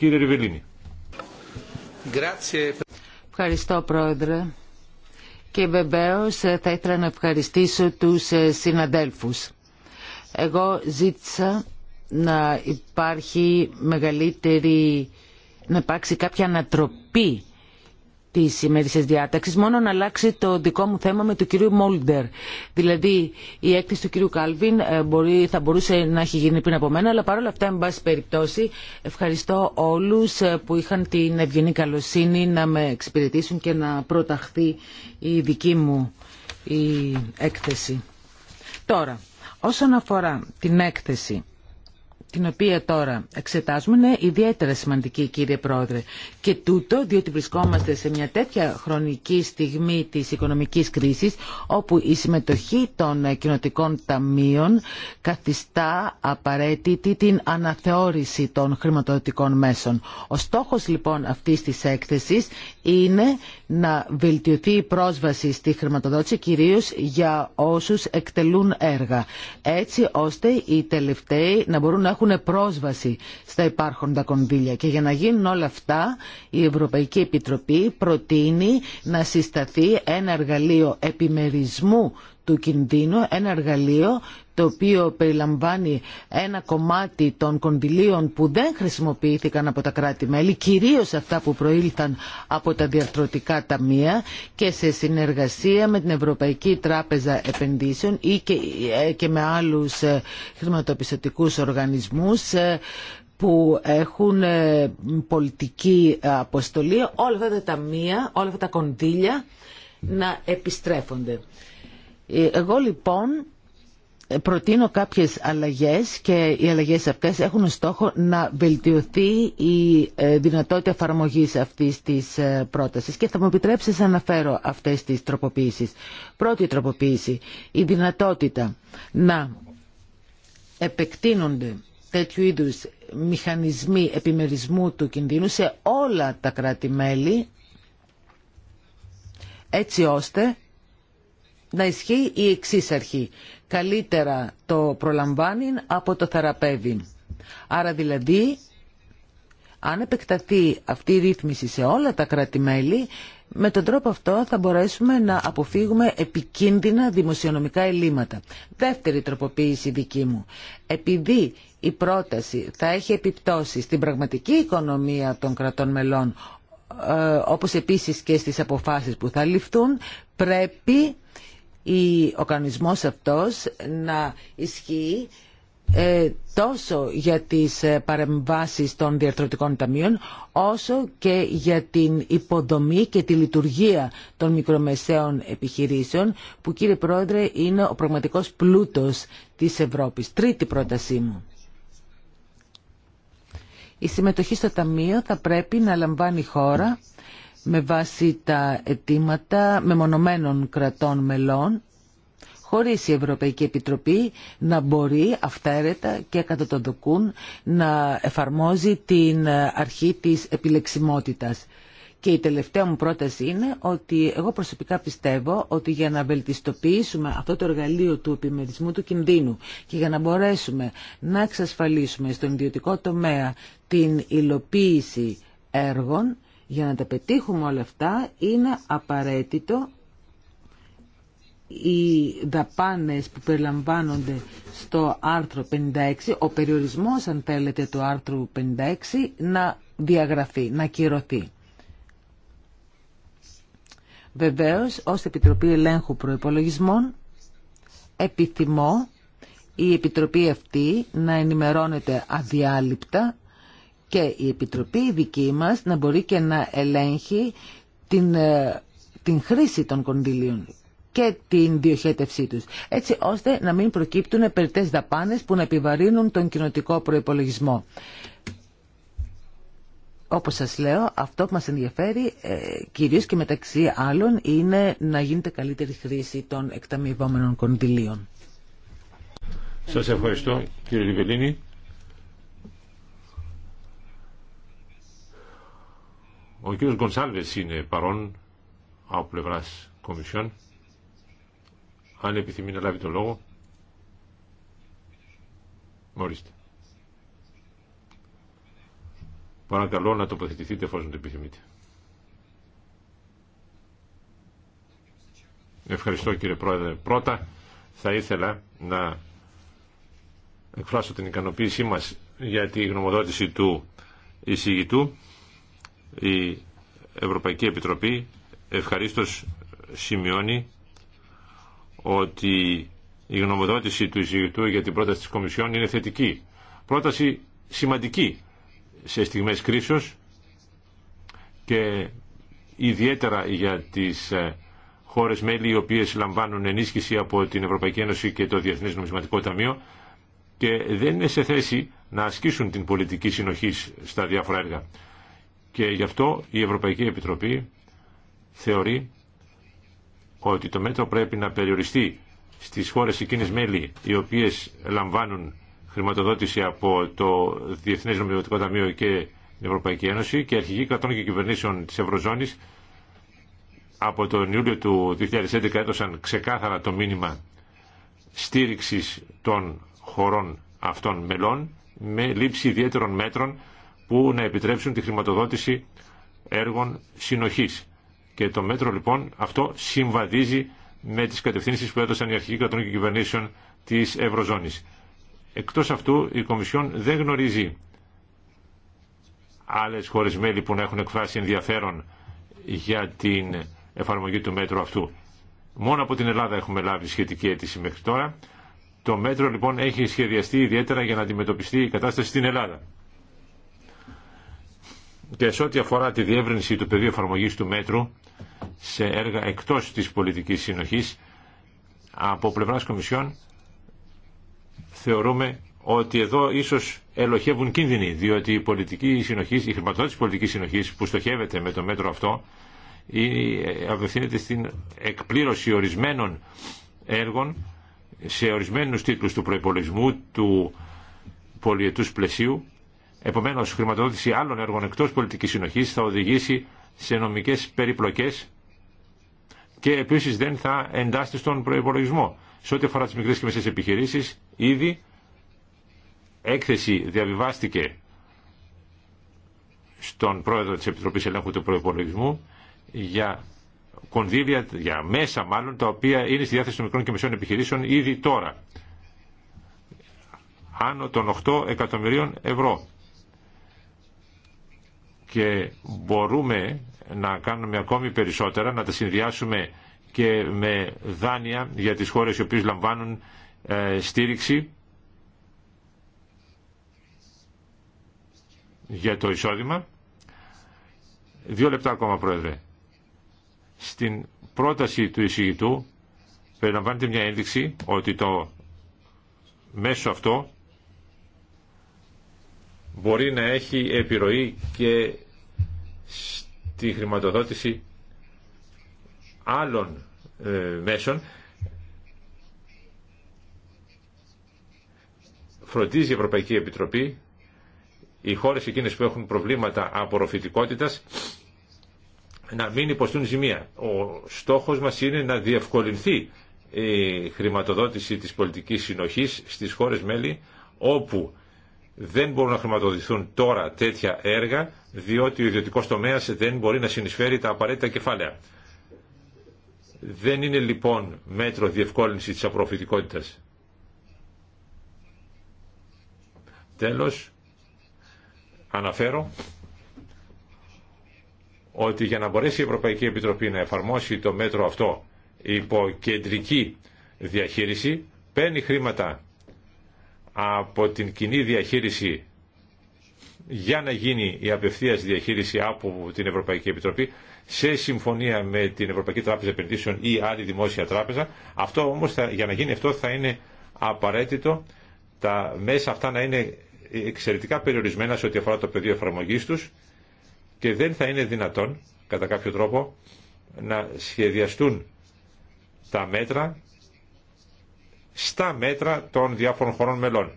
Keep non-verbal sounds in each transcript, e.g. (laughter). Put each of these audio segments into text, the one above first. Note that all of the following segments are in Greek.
Κύριε Ριβελίνη. Ευχαριστώ πρόεδρε και βεβαίω ε, θα ήθελα να ευχαριστήσω τους ε, συναδέλφους. Εγώ ζήτησα να υπάρχει μεγαλύτερη, να υπάρξει κάποια ανατροπή τη ημέρησης διάταξη, μόνο να αλλάξει το δικό μου θέμα με του κυρίου Μόλντερ. Δηλαδή, η έκθεση του κυρίου Κάλβιν ε, μπορεί, θα μπορούσε να έχει γίνει πριν από μένα, αλλά παρόλα αυτά, εν πάση περιπτώσει, ευχαριστώ όλου ε, που είχαν την ευγενή καλοσύνη να με εξυπηρετήσουν και να προταχθεί η δική μου η έκθεση. Τώρα, όσον αφορά την έκθεση την οποία τώρα εξετάζουμε είναι ιδιαίτερα σημαντική κύριε Πρόεδρε και τούτο διότι βρισκόμαστε σε μια τέτοια χρονική στιγμή της οικονομικής κρίσης όπου η συμμετοχή των κοινοτικών ταμείων καθιστά απαραίτητη την αναθεώρηση των χρηματοδοτικών μέσων. Ο στόχος λοιπόν αυτής της έκθεσης είναι να βελτιωθεί η πρόσβαση στη χρηματοδότηση κυρίως για όσους εκτελούν έργα έτσι ώστε οι τελευταίοι να μπορούν να έχουν πρόσβαση στα υπάρχοντα κονδύλια και για να γίνουν όλα αυτά η Ευρωπαϊκή Επιτροπή προτείνει να συσταθεί ένα εργαλείο επιμερισμού του κινδύνου, ένα εργαλείο το οποίο περιλαμβάνει ένα κομμάτι των κονδυλίων που δεν χρησιμοποιήθηκαν από τα κράτη-μέλη, κυρίως αυτά που προήλθαν από τα διαρθρωτικά ταμεία και σε συνεργασία με την Ευρωπαϊκή Τράπεζα Επενδύσεων ή και ε, με άλλους ε, χρηματοπιστωτικούς οργανισμούς ε, που έχουν πολιτική αποστολή, όλα αυτά τα ταμεία, όλα αυτά τα κονδύλια να επιστρέφονται. Εγώ λοιπόν προτείνω κάποιες αλλαγές και οι αλλαγές αυτές έχουν στόχο να βελτιωθεί η ε, δυνατότητα εφαρμογή αυτής της ε, πρότασης και θα μου επιτρέψεις να αναφέρω αυτές τις τροποποίησεις. Πρώτη τροποποίηση, η δυνατότητα να επεκτείνονται τέτοιου είδους μηχανισμοί επιμερισμού του κινδύνου σε όλα τα κράτη-μέλη έτσι ώστε να ισχύει η εξή αρχή καλύτερα το προλαμβάνει από το θεραπεύει. Άρα δηλαδή, αν επεκταθεί αυτή η ρύθμιση σε όλα τα κράτη-μέλη, με τον τρόπο αυτό θα μπορέσουμε να αποφύγουμε επικίνδυνα δημοσιονομικά ελλείμματα. Δεύτερη τροποποίηση δική μου. Επειδή η πρόταση θα έχει επιπτώσει στην πραγματική οικονομία των κρατών μελών, ε, όπως επίσης και στις αποφάσεις που θα ληφθούν, πρέπει ο κανονισμός αυτός να ισχύει ε, τόσο για τις ε, παρεμβάσεις των διαρθρωτικών ταμείων όσο και για την υποδομή και τη λειτουργία των μικρομεσαίων επιχειρήσεων που κύριε Πρόεδρε είναι ο πραγματικός πλούτος της Ευρώπης. Τρίτη πρότασή μου. Η συμμετοχή στο Ταμείο θα πρέπει να λαμβάνει χώρα με βάση τα αιτήματα μεμονωμένων κρατών μελών χωρίς η Ευρωπαϊκή Επιτροπή να μπορεί αυταίρετα και κατά τον δοκούν να εφαρμόζει την αρχή της επιλεξιμότητας. Και η τελευταία μου πρόταση είναι ότι εγώ προσωπικά πιστεύω ότι για να βελτιστοποιήσουμε αυτό το εργαλείο του επιμερισμού του κινδύνου και για να μπορέσουμε να εξασφαλίσουμε στον ιδιωτικό τομέα την υλοποίηση έργων, για να τα πετύχουμε όλα αυτά είναι απαραίτητο οι δαπάνες που περιλαμβάνονται στο άρθρο 56, ο περιορισμός αν θέλετε του άρθρου 56 να διαγραφεί, να κυρωθεί. Βεβαίως, ως Επιτροπή Ελέγχου Προϋπολογισμών, επιθυμώ η Επιτροπή αυτή να ενημερώνεται αδιάλειπτα και η Επιτροπή η δική μας να μπορεί και να ελέγχει την, ε, την χρήση των κονδυλίων και την διοχέτευσή τους, έτσι ώστε να μην προκύπτουν περιττές δαπάνες που να επιβαρύνουν τον κοινοτικό προϋπολογισμό. Όπως σας λέω, αυτό που μας ενδιαφέρει ε, κυρίως και μεταξύ άλλων είναι να γίνεται καλύτερη χρήση των εκταμιευόμενων κονδυλίων. Σας ευχαριστώ κύριε Λιβελίνη. Ο κύριος Γκονσάλβες είναι παρόν από πλευρά Κομισιόν. Αν επιθυμεί να λάβει το λόγο. μόριστε. Παρακαλώ να τοποθετηθείτε εφόσον το επιθυμείτε. Ευχαριστώ κύριε Πρόεδρε. Πρώτα θα ήθελα να εκφράσω την ικανοποίησή μας για τη γνωμοδότηση του εισηγητού η Ευρωπαϊκή Επιτροπή ευχαρίστως σημειώνει ότι η γνωμοδότηση του εισηγητού για την πρόταση της Κομισιόν είναι θετική. Πρόταση σημαντική σε στιγμές κρίσεως και ιδιαίτερα για τις ε, χώρες μέλη οι οποίες λαμβάνουν ενίσχυση από την Ευρωπαϊκή Ένωση και το Διεθνές Νομισματικό Ταμείο και δεν είναι σε θέση να ασκήσουν την πολιτική συνοχή στα διάφορα έργα. Και γι' αυτό η Ευρωπαϊκή Επιτροπή θεωρεί ότι το μέτρο πρέπει να περιοριστεί στις χώρες εκείνες μέλη οι οποίες λαμβάνουν χρηματοδότηση από το Διεθνές Νομιωτικό Ταμείο και την Ευρωπαϊκή Ένωση και αρχηγοί κρατών και κυβερνήσεων της Ευρωζώνης από τον Ιούλιο του 2011 έδωσαν ξεκάθαρα το μήνυμα στήριξης των χωρών αυτών μελών με λήψη ιδιαίτερων μέτρων που να επιτρέψουν τη χρηματοδότηση έργων συνοχής. Και το μέτρο λοιπόν αυτό συμβαδίζει με τις κατευθύνσεις που έδωσαν οι αρχικοί κρατών και κυβερνήσεων της Ευρωζώνης. Εκτός αυτού η Κομισιόν δεν γνωρίζει άλλες χώρες μέλη που να έχουν εκφράσει ενδιαφέρον για την εφαρμογή του μέτρου αυτού. Μόνο από την Ελλάδα έχουμε λάβει σχετική αίτηση μέχρι τώρα. Το μέτρο λοιπόν έχει σχεδιαστεί ιδιαίτερα για να αντιμετωπιστεί η κατάσταση στην Ελλάδα και σε ό,τι αφορά τη διεύρυνση του πεδίου εφαρμογή του μέτρου σε έργα εκτός της πολιτικής συνοχή, από πλευρά Κομισιόν θεωρούμε ότι εδώ ίσως ελοχεύουν κίνδυνοι διότι η, πολιτική συνοχή η χρηματοδότηση πολιτικής συνοχής που στοχεύεται με το μέτρο αυτό απευθύνεται στην εκπλήρωση ορισμένων έργων σε ορισμένους τίτλους του προπολογισμού, του πολιετούς πλαισίου η χρηματοδότηση άλλων έργων εκτός πολιτικής συνοχής θα οδηγήσει σε νομικέ περιπλοκέ και επίση δεν θα εντάσσεται στον προπολογισμό. Σε ό,τι αφορά τι μικρέ και μεσές επιχειρήσει, ήδη έκθεση διαβιβάστηκε στον πρόεδρο της Επιτροπής Ελέγχου του Προϋπολογισμού για κονδύλια, για μέσα μάλλον, τα οποία είναι στη διάθεση των μικρών και μεσών επιχειρήσεων ήδη τώρα. Άνω των 8 εκατομμυρίων ευρώ και μπορούμε να κάνουμε ακόμη περισσότερα, να τα συνδυάσουμε και με δάνεια για τις χώρες οι οποίες λαμβάνουν ε, στήριξη για το εισόδημα. Δύο λεπτά ακόμα, Πρόεδρε. Στην πρόταση του εισηγητού περιλαμβάνεται μια ένδειξη ότι το μέσο αυτό μπορεί να έχει επιρροή και στη χρηματοδότηση άλλων ε, μέσων φροντίζει η Ευρωπαϊκή Επιτροπή οι χώρες εκείνες που έχουν προβλήματα απορροφητικότητας να μην υποστούν ζημία. Ο στόχος μας είναι να διευκολυνθεί η χρηματοδότηση της πολιτικής συνοχής στις χώρες μέλη όπου δεν μπορούν να χρηματοδοτηθούν τώρα τέτοια έργα, διότι ο ιδιωτικός τομέας δεν μπορεί να συνεισφέρει τα απαραίτητα κεφάλαια. Δεν είναι λοιπόν μέτρο διευκόλυνση της απροφητικότητας. Τέλος, αναφέρω ότι για να μπορέσει η Ευρωπαϊκή Επιτροπή να εφαρμόσει το μέτρο αυτό υπό κεντρική διαχείριση, παίρνει χρήματα από την κοινή διαχείριση για να γίνει η απευθείας διαχείριση από την Ευρωπαϊκή Επιτροπή σε συμφωνία με την Ευρωπαϊκή Τράπεζα Επενδύσεων ή άλλη δημόσια τράπεζα. Αυτό όμως για να γίνει αυτό θα είναι απαραίτητο τα μέσα αυτά να είναι εξαιρετικά περιορισμένα σε ό,τι αφορά το πεδίο εφαρμογή του και δεν θα είναι δυνατόν κατά κάποιο τρόπο να σχεδιαστούν τα μέτρα στα μέτρα των διάφορων χωρών μελών.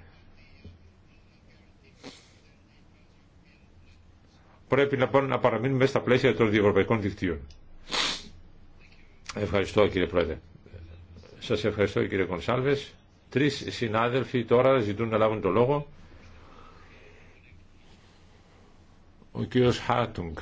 Πρέπει να λοιπόν να παραμείνουμε στα πλαίσια των διευρωπαϊκών δικτύων. Ευχαριστώ κύριε Πρόεδρε. Σας ευχαριστώ κύριε Κονσάλβες. Τρεις συνάδελφοι τώρα ζητούν να λάβουν το λόγο. Ο κύριος Χάρτουγκ.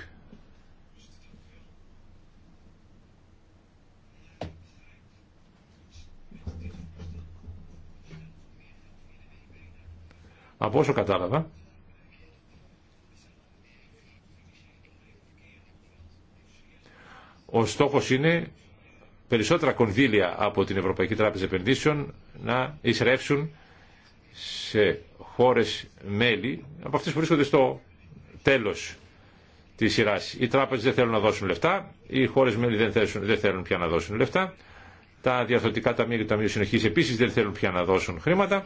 Από όσο κατάλαβα, ο στόχος είναι περισσότερα κονδύλια από την Ευρωπαϊκή Τράπεζα Επενδύσεων να εισρεύσουν σε χώρες μέλη, από αυτές που βρίσκονται στο τέλος της σειράς. Οι τράπεζες δεν θέλουν να δώσουν λεφτά, οι χώρες μέλη δεν, δεν θέλουν πια να δώσουν λεφτά, τα διαθωτικά ταμεία και τα Ταμείο Συνοχής επίσης δεν θέλουν πια να δώσουν χρήματα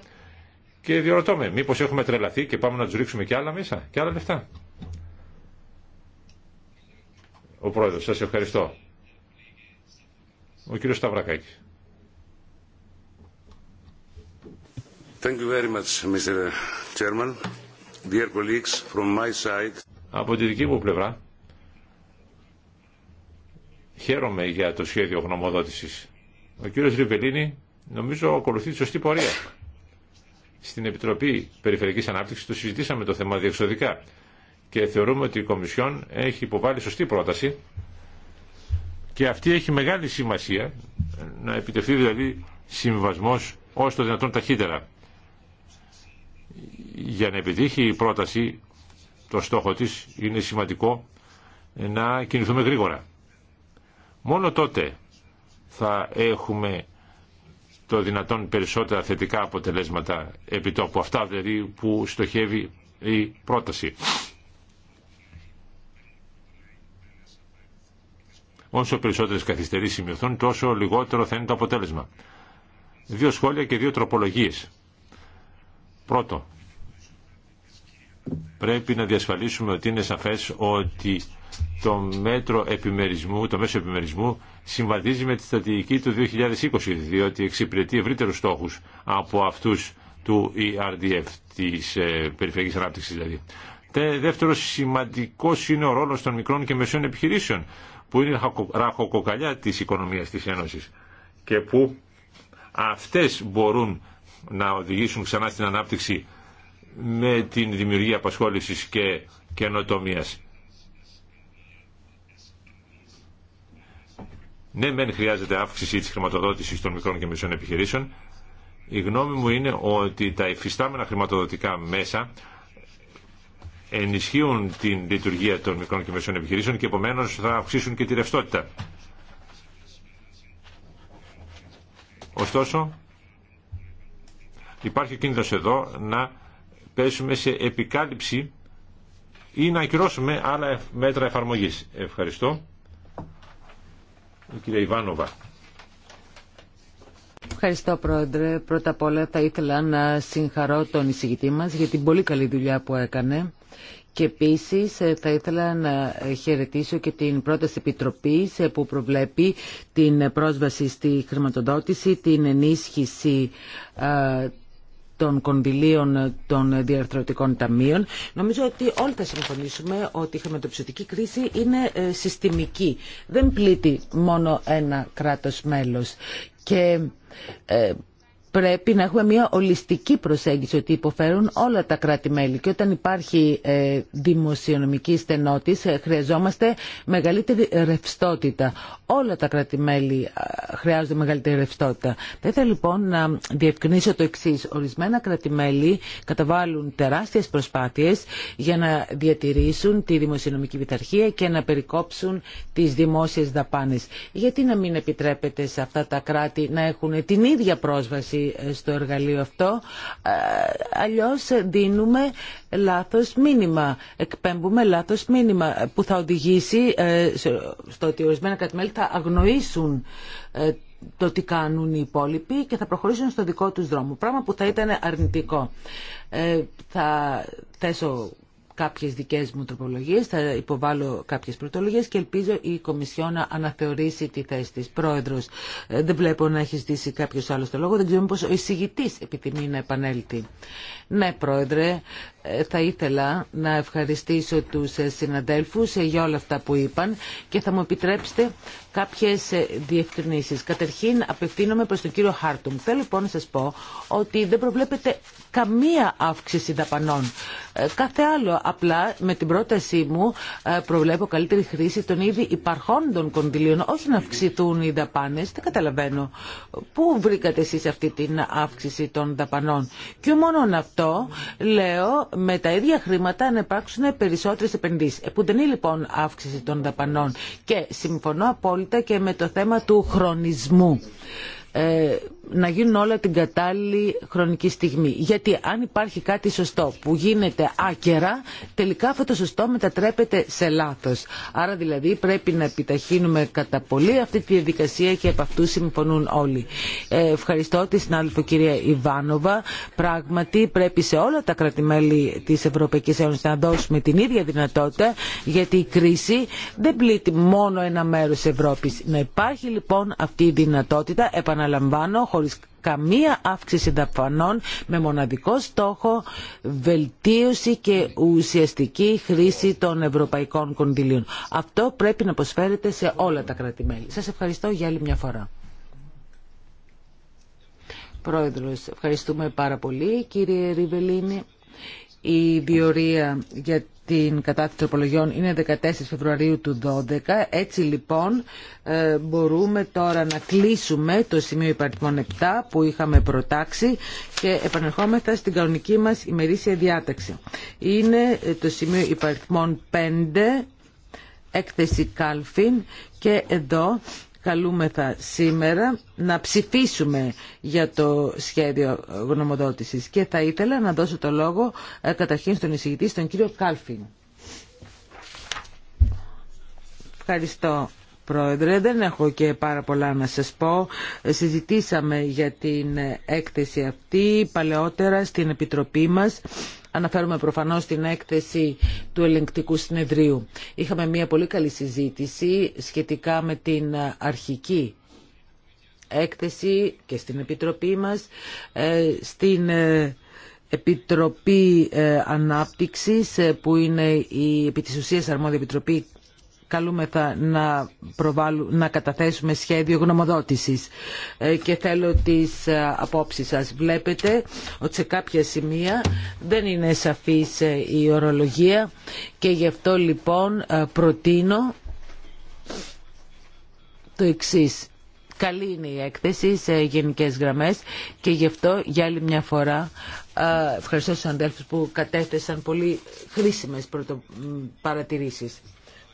και διαρωτώ με, μήπως έχουμε τρελαθεί και πάμε να του ρίξουμε και άλλα μέσα, και άλλα λεφτά. Ο Πρόεδρος, σα ευχαριστώ. Ο κύριος Σταυρακάκη. Thank you very much, Mr. Chairman. Dear colleagues, from my side... Από τη δική μου πλευρά, χαίρομαι για το σχέδιο γνωμοδότησης. Ο κύριος Ριβελίνη νομίζω ακολουθεί τη σωστή πορεία. Στην Επιτροπή Περιφερειακής Ανάπτυξης το συζητήσαμε το θέμα διεξοδικά και θεωρούμε ότι η Κομισιόν έχει υποβάλει σωστή πρόταση και αυτή έχει μεγάλη σημασία να επιτευχθεί δηλαδή συμβασμός όσο το δυνατόν ταχύτερα. Για να επιτύχει η πρόταση το στόχο της είναι σημαντικό να κινηθούμε γρήγορα. Μόνο τότε θα έχουμε το δυνατόν περισσότερα θετικά αποτελέσματα επί από Αυτά δηλαδή που στοχεύει η πρόταση. Όσο περισσότερες καθυστερήσει σημειωθούν, τόσο λιγότερο θα είναι το αποτέλεσμα. Δύο σχόλια και δύο τροπολογίες. Πρώτο, πρέπει να διασφαλίσουμε ότι είναι σαφές ότι το μέτρο επιμερισμού, το μέσο επιμερισμού συμβαδίζει με τη στρατηγική του 2020, διότι εξυπηρετεί ευρύτερου στόχους από αυτούς του ERDF, τη ε, Περιφερειακής Ανάπτυξης δηλαδή. Τε, δεύτερο σημαντικό είναι ο ρόλος των μικρών και μεσαίων επιχειρήσεων, που είναι ραχοκοκαλιά της οικονομίας της Ένωση, και που αυτές μπορούν να οδηγήσουν ξανά στην ανάπτυξη με την δημιουργία απασχόληση και καινοτομία. Ναι, μεν χρειάζεται αύξηση τη χρηματοδότηση των μικρών και μεσών επιχειρήσεων. Η γνώμη μου είναι ότι τα υφιστάμενα χρηματοδοτικά μέσα ενισχύουν την λειτουργία των μικρών και μεσών επιχειρήσεων και επομένως θα αυξήσουν και τη ρευστότητα. Ωστόσο, υπάρχει κίνδυνος εδώ να πέσουμε σε επικάλυψη ή να ακυρώσουμε άλλα μέτρα εφαρμογής. Ευχαριστώ. Ιβάνοβα. Ευχαριστώ Πρόεδρε. Πρώτα απ' όλα θα ήθελα να συγχαρώ τον εισηγητή μας για την πολύ καλή δουλειά που έκανε και επίσης ε, θα ήθελα να χαιρετήσω και την πρόταση επιτροπής ε, που προβλέπει την πρόσβαση στη χρηματοδότηση, την ενίσχυση ε, των κονδυλίων των διαρθρωτικών ταμείων. Νομίζω ότι όλοι θα συμφωνήσουμε ότι η χρηματοπιστωτική κρίση είναι ε, συστημική. Δεν πλήττει μόνο ένα κράτος μέλος. Και ε, πρέπει να έχουμε μια ολιστική προσέγγιση ότι υποφέρουν όλα τα κράτη-μέλη και όταν υπάρχει ε, δημοσιονομική στενότηση ε, χρειαζόμαστε μεγαλύτερη ρευστότητα. Όλα τα κράτη-μέλη ε, χρειάζονται μεγαλύτερη ρευστότητα. Θα ήθελα λοιπόν να διευκρινίσω το εξή. Ορισμένα κράτη-μέλη καταβάλουν τεράστιε προσπάθειε για να διατηρήσουν τη δημοσιονομική πειθαρχία και να περικόψουν τι δημόσιε δαπάνε. Γιατί να μην επιτρέπεται σε αυτά τα κράτη να έχουν την ίδια πρόσβαση στο εργαλείο αυτό. Ε, αλλιώς δίνουμε λάθος μήνυμα, εκπέμπουμε λάθος μήνυμα που θα οδηγήσει ε, στο ότι ορισμένα κατημέλη θα αγνοήσουν ε, το τι κάνουν οι υπόλοιποι και θα προχωρήσουν στο δικό τους δρόμο, πράγμα που θα ήταν αρνητικό. Θα θέσω κάποιες δικές μου τροπολογίες, θα υποβάλω κάποιες πρωτολογίες και ελπίζω η Κομισιό να αναθεωρήσει τη θέση της. Πρόεδρος, ε, δεν βλέπω να έχει ζητήσει κάποιος άλλος το λόγο, δεν ξέρω πως ο εισηγητής επιθυμεί να επανέλθει. Ναι, Πρόεδρε, θα ήθελα να ευχαριστήσω τους συναδέλφους για όλα αυτά που είπαν και θα μου επιτρέψετε κάποιες διευκρινήσεις. Καταρχήν απευθύνομαι προς τον κύριο Χάρτουμ. Θέλω λοιπόν να σας πω ότι δεν προβλέπετε καμία αύξηση δαπανών. Ε, κάθε άλλο, απλά με την πρότασή μου ε, προβλέπω καλύτερη χρήση των ήδη υπαρχόντων κονδυλίων, όχι να αυξηθούν οι δαπάνες. Δεν καταλαβαίνω. Πού βρήκατε εσείς αυτή την αύξηση των δαπανών. Και μόνο αυτό λέω με τα ίδια χρήματα να υπάρξουν περισσότερες επενδύσει. Επουδενή λοιπόν αύξηση των δαπανών και συμφωνώ απόλυτα και με το θέμα του χρονισμού. Ε, να γίνουν όλα την κατάλληλη χρονική στιγμή. Γιατί αν υπάρχει κάτι σωστό που γίνεται άκερα, τελικά αυτό το σωστό μετατρέπεται σε λάθος. Άρα δηλαδή πρέπει να επιταχύνουμε κατά πολύ αυτή τη διαδικασία και από αυτού συμφωνούν όλοι. Ε, ευχαριστώ τη συνάδελφο κυρία Ιβάνοβα. Πράγματι πρέπει σε όλα τα κρατημέλη της Ευρωπαϊκής Ένωσης να δώσουμε την ίδια δυνατότητα γιατί η κρίση δεν πλήττει μόνο ένα μέρος Ευρώπη. Ευρώπης. Να υπάρχει λοιπόν αυτή η δυνατότητα, επαναλαμβάνω, χωρίς καμία αύξηση δαπανών με μοναδικό στόχο βελτίωση και ουσιαστική χρήση των ευρωπαϊκών κονδυλίων. Αυτό πρέπει να προσφέρεται σε όλα τα κράτη-μέλη. Σας ευχαριστώ για άλλη μια φορά. Πρόεδρος, ευχαριστούμε πάρα πολύ κύριε Ριβελίνη. Η διορία για την κατάθεση τροπολογιών είναι 14 Φεβρουαρίου του 12. Έτσι λοιπόν ε, μπορούμε τώρα να κλείσουμε το σημείο υπαριθμών 7 που είχαμε προτάξει και επανερχόμεθα στην κανονική μας ημερήσια διάταξη. Είναι ε, το σημείο υπαρτιμών 5 έκθεση Κάλφιν και εδώ καλούμεθα σήμερα να ψηφίσουμε για το σχέδιο γνωμοδότησης και θα ήθελα να δώσω το λόγο ε, καταρχήν στον εισηγητή, στον κύριο Κάλφιν. Ευχαριστώ. Πρόεδρε, δεν έχω και πάρα πολλά να σας πω. Συζητήσαμε για την έκθεση αυτή παλαιότερα στην Επιτροπή μας Αναφέρουμε προφανώς την έκθεση του ελεγκτικού συνεδρίου. Είχαμε μια πολύ καλή συζήτηση σχετικά με την αρχική έκθεση και στην Επιτροπή μας, ε, στην ε, Επιτροπή ε, Ανάπτυξης που είναι η επί της ουσίας αρμόδια Επιτροπή καλούμεθα να, να καταθέσουμε σχέδιο γνωμοδότησης ε, και θέλω τις ε, απόψεις σας. Βλέπετε ότι σε κάποια σημεία δεν είναι σαφής ε, η ορολογία και γι' αυτό λοιπόν προτείνω το εξής. Καλή είναι η έκθεση σε γενικές γραμμές και γι' αυτό για άλλη μια φορά ευχαριστώ στους αδέλφους που κατέθεσαν πολύ χρήσιμες παρατηρήσεις.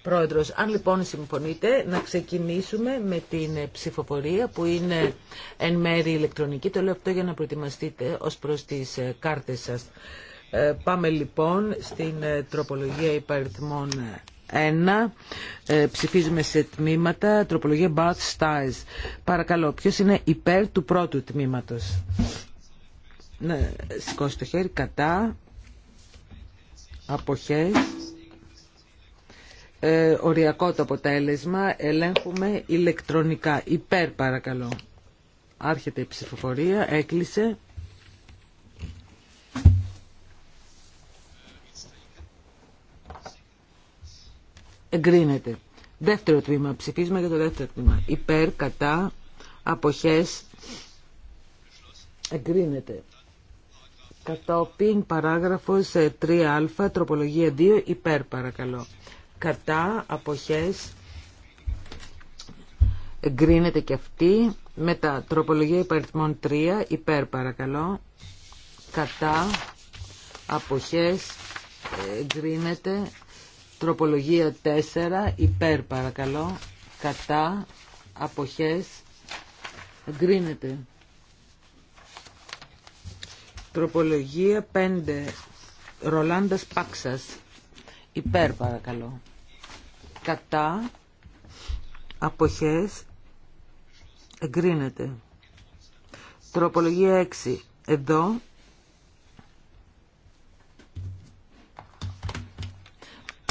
Πρόεδρος, αν λοιπόν συμφωνείτε να ξεκινήσουμε με την ψηφοφορία που είναι εν μέρη ηλεκτρονική. Το λέω αυτό για να προετοιμαστείτε ως προς τις ε, κάρτες σας. Ε, πάμε λοιπόν στην ε, τροπολογία υπαριθμών 1. ψηφίζουμε σε τμήματα. Τροπολογία Bath Styles. Παρακαλώ, ποιος είναι υπέρ του πρώτου τμήματος. Ναι, το χέρι κατά. Αποχές ε, οριακό το αποτέλεσμα. Ελέγχουμε ηλεκτρονικά. Υπέρ παρακαλώ. Άρχεται η ψηφοφορία. Έκλεισε. Εγκρίνεται. Δεύτερο τμήμα. Ψηφίζουμε για το δεύτερο τμήμα. Υπέρ, κατά, αποχές. Εγκρίνεται. Κατόπιν παράγραφος 3α, ε, τροπολογία 2, υπέρ παρακαλώ κατά αποχές εγκρίνεται και αυτή τα τροπολογία υπαριθμών 3 υπέρ παρακαλώ κατά αποχές εγκρίνεται τροπολογία 4 υπέρ παρακαλώ κατά αποχές εγκρίνεται τροπολογία 5 Ρολάντας Πάξας υπέρ παρακαλώ κατά αποχές εγκρίνεται. Τροπολογία 6. Εδώ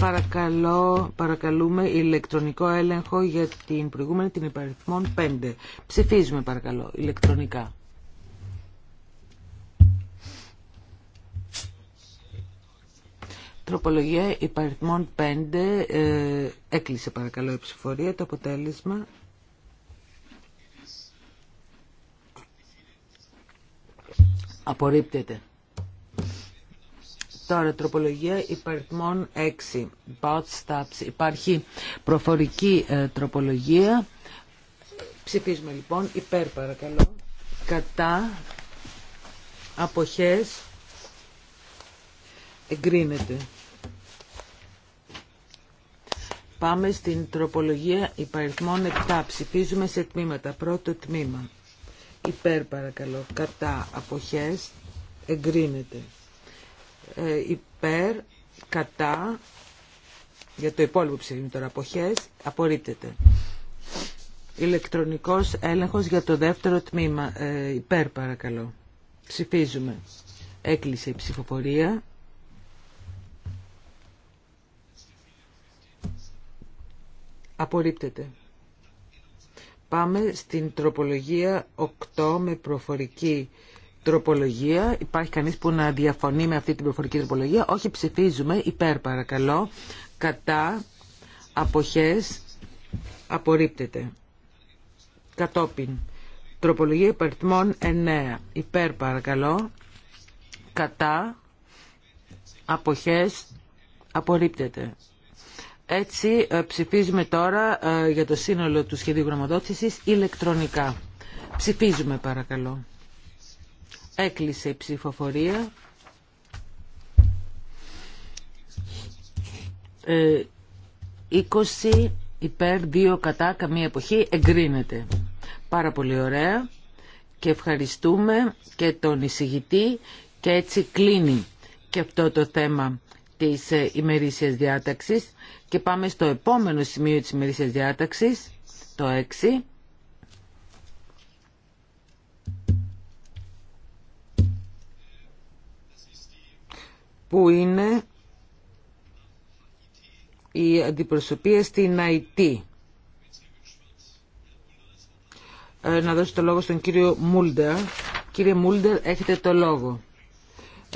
παρακαλώ, παρακαλούμε ηλεκτρονικό έλεγχο για την προηγούμενη την υπαριθμών 5. Ψηφίζουμε παρακαλώ ηλεκτρονικά. Τροπολογία υπαριθμών 5. Ε, έκλεισε παρακαλώ η ψηφορία. Το αποτέλεσμα. Απορρίπτεται. Τώρα, τροπολογία υπαριθμών 6. stops. Υπάρχει προφορική ε, τροπολογία. Ψηφίζουμε λοιπόν υπέρ παρακαλώ. Κατά αποχές εγκρίνεται. Πάμε στην τροπολογία υπαριθμών 7. Ψηφίζουμε σε τμήματα. Πρώτο τμήμα. Υπέρ παρακαλώ. Κατά αποχές εγκρίνεται. Ε, υπέρ, κατά, για το υπόλοιπο ψηφίζουμε τώρα αποχές, απορρίπτεται. Ηλεκτρονικός έλεγχος για το δεύτερο τμήμα. Ε, υπέρ παρακαλώ. Ψηφίζουμε. Έκλεισε η ψηφοφορία. Απορρίπτεται. Πάμε στην τροπολογία 8 με προφορική τροπολογία. Υπάρχει κανείς που να διαφωνεί με αυτή την προφορική τροπολογία. Όχι ψηφίζουμε. Υπέρ παρακαλώ. Κατά αποχές απορρίπτεται. Κατόπιν. Τροπολογία υπαριθμών 9. Υπέρ παρακαλώ. Κατά αποχές απορρίπτεται. Έτσι ε, ψηφίζουμε τώρα ε, για το σύνολο του σχεδίου γραμματότησης ηλεκτρονικά. Ψηφίζουμε παρακαλώ. Έκλεισε η ψηφοφορία. Ε, 20 υπέρ, 2 κατά, καμία εποχή εγκρίνεται. Πάρα πολύ ωραία και ευχαριστούμε και τον εισηγητή και έτσι κλείνει και αυτό το θέμα της ε, ημερήσιας διάταξης και πάμε στο επόμενο σημείο της ημερήσιας διάταξης, το 6. που είναι η αντιπροσωπεία στην ΑΙΤ. Ε, να δώσω το λόγο στον κύριο Μούλντερ. Κύριε Μούλντερ, έχετε το λόγο.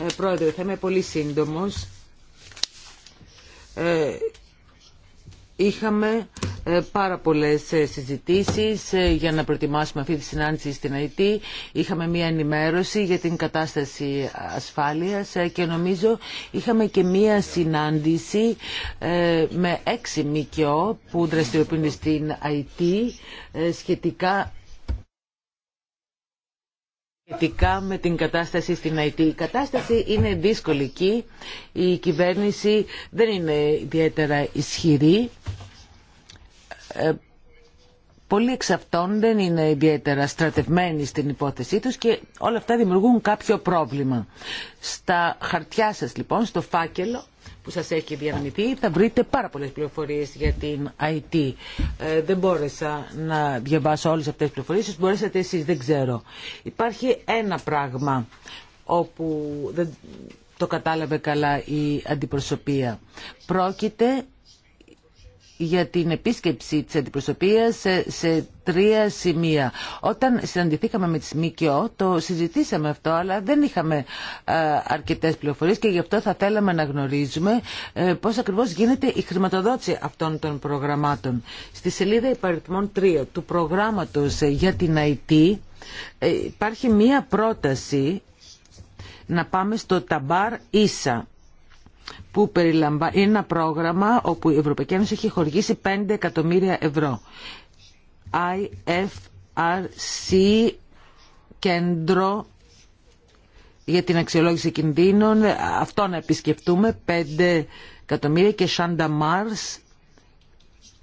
Ε, πρόεδρε, θα είμαι πολύ σύντομος. Ε, είχαμε ε, πάρα πολλές ε, συζητήσεις για να προετοιμάσουμε αυτή τη συνάντηση στην ΑΕΤ. Είχαμε μία ενημέρωση για την κατάσταση ασφάλειας και νομίζω είχαμε και μία συνάντηση με έξι ΜΚΟ που δραστηριοποιούν στην ΑΕΤ σχετικά Σχετικά με την κατάσταση στην ΑΕΤ, η κατάσταση είναι δύσκολη εκεί. Η κυβέρνηση δεν είναι ιδιαίτερα ισχυρή. Ε, πολλοί εξ αυτών δεν είναι ιδιαίτερα στρατευμένοι στην υπόθεσή τους και όλα αυτά δημιουργούν κάποιο πρόβλημα. Στα χαρτιά σας λοιπόν, στο φάκελο, που σας έχει διανομηθεί θα βρείτε πάρα πολλές πληροφορίες για την IT. Ε, δεν μπόρεσα να διαβάσω όλες αυτές τις πληροφορίες, μπορέσατε εσείς, δεν ξέρω. Υπάρχει ένα πράγμα όπου δεν το κατάλαβε καλά η αντιπροσωπεία. Πρόκειται για την επίσκεψη της αντιπροσωπείας σε, σε τρία σημεία. Όταν συναντηθήκαμε με τις ΜΚΟ το συζητήσαμε αυτό αλλά δεν είχαμε αρκετές πληροφορίες και γι' αυτό θα θέλαμε να γνωρίζουμε ε, πώς ακριβώς γίνεται η χρηματοδότηση αυτών των προγραμμάτων. Στη σελίδα υπαριθμών 3 του προγράμματος ε, για την IT ε, υπάρχει μία πρόταση να πάμε στο ταμπάρ ίσα που περιλαμβάνει ένα πρόγραμμα όπου η Ευρωπαϊκή Ένωση έχει χορηγήσει 5 εκατομμύρια ευρώ. IFRC κέντρο για την αξιολόγηση κινδύνων. Αυτό να επισκεφτούμε 5 εκατομμύρια και Σάντα Μάρς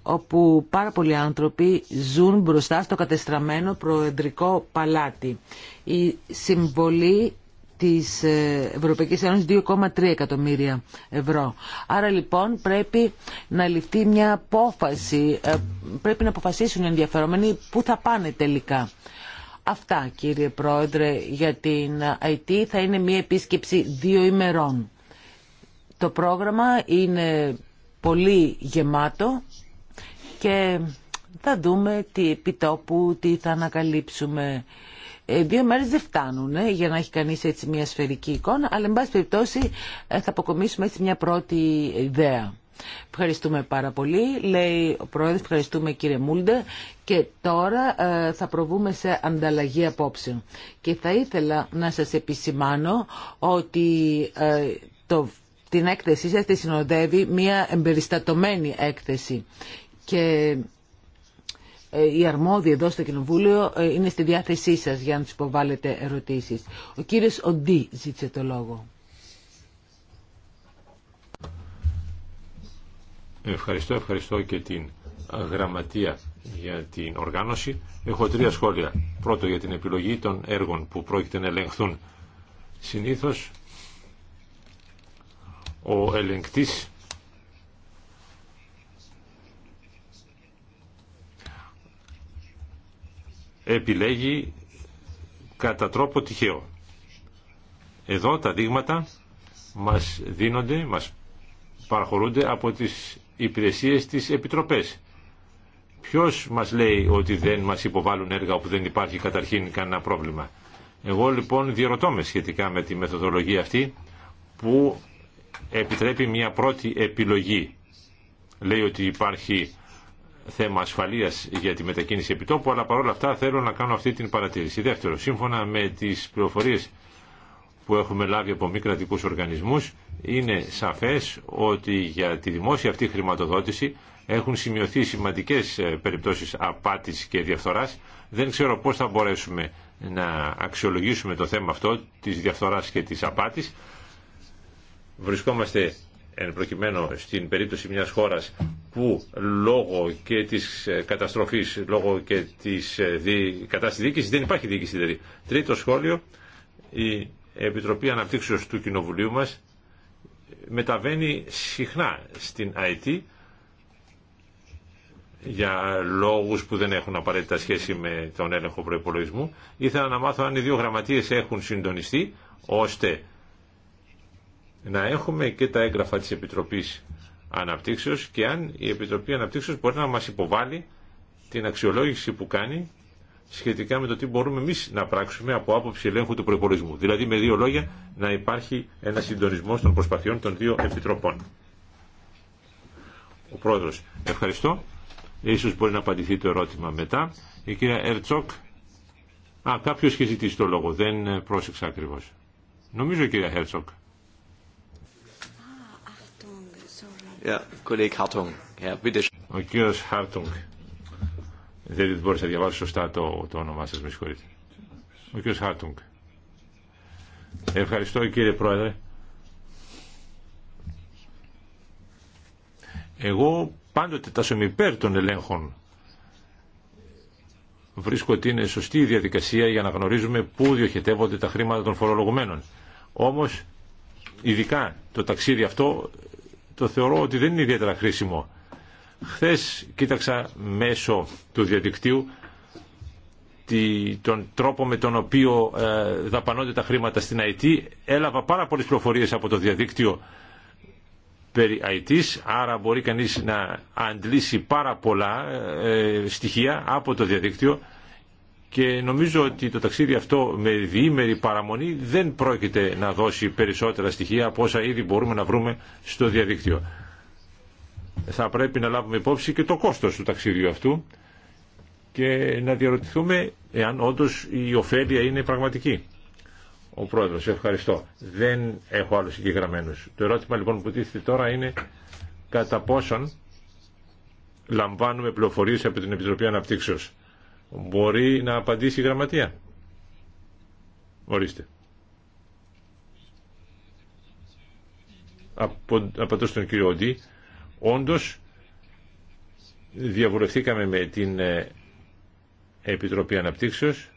όπου πάρα πολλοί άνθρωποι ζουν μπροστά στο κατεστραμμένο προεδρικό παλάτι. Η συμβολή της ε, Ευρωπαϊκής Ένωσης 2,3 εκατομμύρια ευρώ. Άρα λοιπόν πρέπει να ληφθεί μια απόφαση, ε, πρέπει να αποφασίσουν οι ενδιαφερόμενοι πού θα πάνε τελικά. Αυτά κύριε Πρόεδρε για την IT θα είναι μια επίσκεψη δύο ημερών. Το πρόγραμμα είναι πολύ γεμάτο και θα δούμε τι επιτόπου, τι θα ανακαλύψουμε. Ε, δύο μέρες δεν φτάνουν για να έχει κανείς έτσι μια σφαιρική εικόνα, αλλά εν πάση περιπτώσει ε, θα αποκομίσουμε έτσι μια πρώτη ιδέα. Ευχαριστούμε πάρα πολύ, λέει ο Πρόεδρος, ευχαριστούμε κύριε Μούλντε και τώρα ε, θα προβούμε σε ανταλλαγή απόψεων. Και θα ήθελα να σας επισημάνω ότι το, την έκθεσή σας τη συνοδεύει μια εμπεριστατωμένη έκθεση και ε, οι αρμόδιοι εδώ στο Κοινοβούλιο ε, είναι στη διάθεσή σας για να τους υποβάλλετε ερωτήσεις. Ο κύριος Οντί ζήτησε το λόγο. Ευχαριστώ, ευχαριστώ και την γραμματεία για την οργάνωση. Έχω τρία σχόλια. Πρώτο για την επιλογή των έργων που πρόκειται να ελεγχθούν. Συνήθως ο ελεγκτής επιλέγει κατά τρόπο τυχαίο. Εδώ τα δείγματα μας δίνονται, μας παραχωρούνται από τις υπηρεσίες της Επιτροπές. Ποιος μας λέει ότι δεν μας υποβάλλουν έργα όπου δεν υπάρχει καταρχήν κανένα πρόβλημα. Εγώ λοιπόν διερωτώ με σχετικά με τη μεθοδολογία αυτή που επιτρέπει μια πρώτη επιλογή. Λέει ότι υπάρχει θέμα ασφαλείας για τη μετακίνηση επιτόπου, αλλά παρόλα αυτά θέλω να κάνω αυτή την παρατήρηση. Δεύτερο, σύμφωνα με τις πληροφορίε που έχουμε λάβει από μη κρατικού οργανισμούς, είναι σαφές ότι για τη δημόσια αυτή χρηματοδότηση έχουν σημειωθεί σημαντικές ε, περιπτώσεις απάτης και διαφθοράς. Δεν ξέρω πώ θα μπορέσουμε να αξιολογήσουμε το θέμα αυτό τη διαφθοράς και τη απάτη, Βρισκόμαστε εν προκειμένου στην περίπτωση μιας χώρας που λόγω και της ε, καταστροφής, λόγω και της ε, δι... κατάστασης διοίκησης, δεν υπάρχει διοίκηση δηλαδή. Τρίτο σχόλιο, η Επιτροπή Αναπτύξεως του Κοινοβουλίου μας μεταβαίνει συχνά στην ΑΕΤ για λόγους που δεν έχουν απαραίτητα σχέση με τον έλεγχο προπολογισμού. Ήθελα να μάθω αν οι δύο γραμματείες έχουν συντονιστεί ώστε να έχουμε και τα έγγραφα της Επιτροπής Αναπτύξεως και αν η Επιτροπή Αναπτύξεως μπορεί να μας υποβάλει την αξιολόγηση που κάνει σχετικά με το τι μπορούμε εμεί να πράξουμε από άποψη ελέγχου του προπολογισμού. Δηλαδή, με δύο λόγια, να υπάρχει ένα συντονισμό των προσπαθειών των δύο επιτροπών. Ο πρόεδρο, ευχαριστώ. Ίσως μπορεί να απαντηθεί το ερώτημα μετά. Η κυρία Ερτσόκ. Α, κάποιο είχε ζητήσει το λόγο. Δεν πρόσεξα ακριβώ. Νομίζω, κυρία Ερτσόκ. Ο κύριος Χάρτονγκ. Δεν μπορούσα να διαβάσω σωστά το, το όνομά σας, με συγχωρείτε. Ο κύριο Χάρτονγκ. Ευχαριστώ κύριε Πρόεδρε. Εγώ πάντοτε τα υπέρ των ελέγχων. Βρίσκω ότι είναι σωστή η διαδικασία για να γνωρίζουμε πού διοχετεύονται τα χρήματα των φορολογουμένων. Όμως, ειδικά το ταξίδι αυτό το θεωρώ ότι δεν είναι ιδιαίτερα χρήσιμο. Χθες κοίταξα μέσω του διαδικτύου τον τρόπο με τον οποίο ε, δαπανώνται τα χρήματα στην IT. Έλαβα πάρα πολλές πληροφορίες από το διαδίκτυο περί IT, άρα μπορεί κανείς να αντλήσει πάρα πολλά ε, στοιχεία από το διαδίκτυο και νομίζω ότι το ταξίδι αυτό με διήμερη παραμονή δεν πρόκειται να δώσει περισσότερα στοιχεία από όσα ήδη μπορούμε να βρούμε στο διαδίκτυο. Θα πρέπει να λάβουμε υπόψη και το κόστος του ταξίδιου αυτού και να διαρωτηθούμε εάν όντως η ωφέλεια είναι πραγματική. Ο Πρόεδρος, ευχαριστώ. Δεν έχω άλλους συγκεκριμένου. Το ερώτημα λοιπόν που τίθεται τώρα είναι κατά πόσον λαμβάνουμε πληροφορίες από την Επιτροπή Αναπτύξεως Μπορεί να απαντήσει η γραμματεία. Ορίστε. Απαντώ στον κύριο Οντή. Όντως, διαβουλευτήκαμε με την ε, Επιτροπή Αναπτύξεως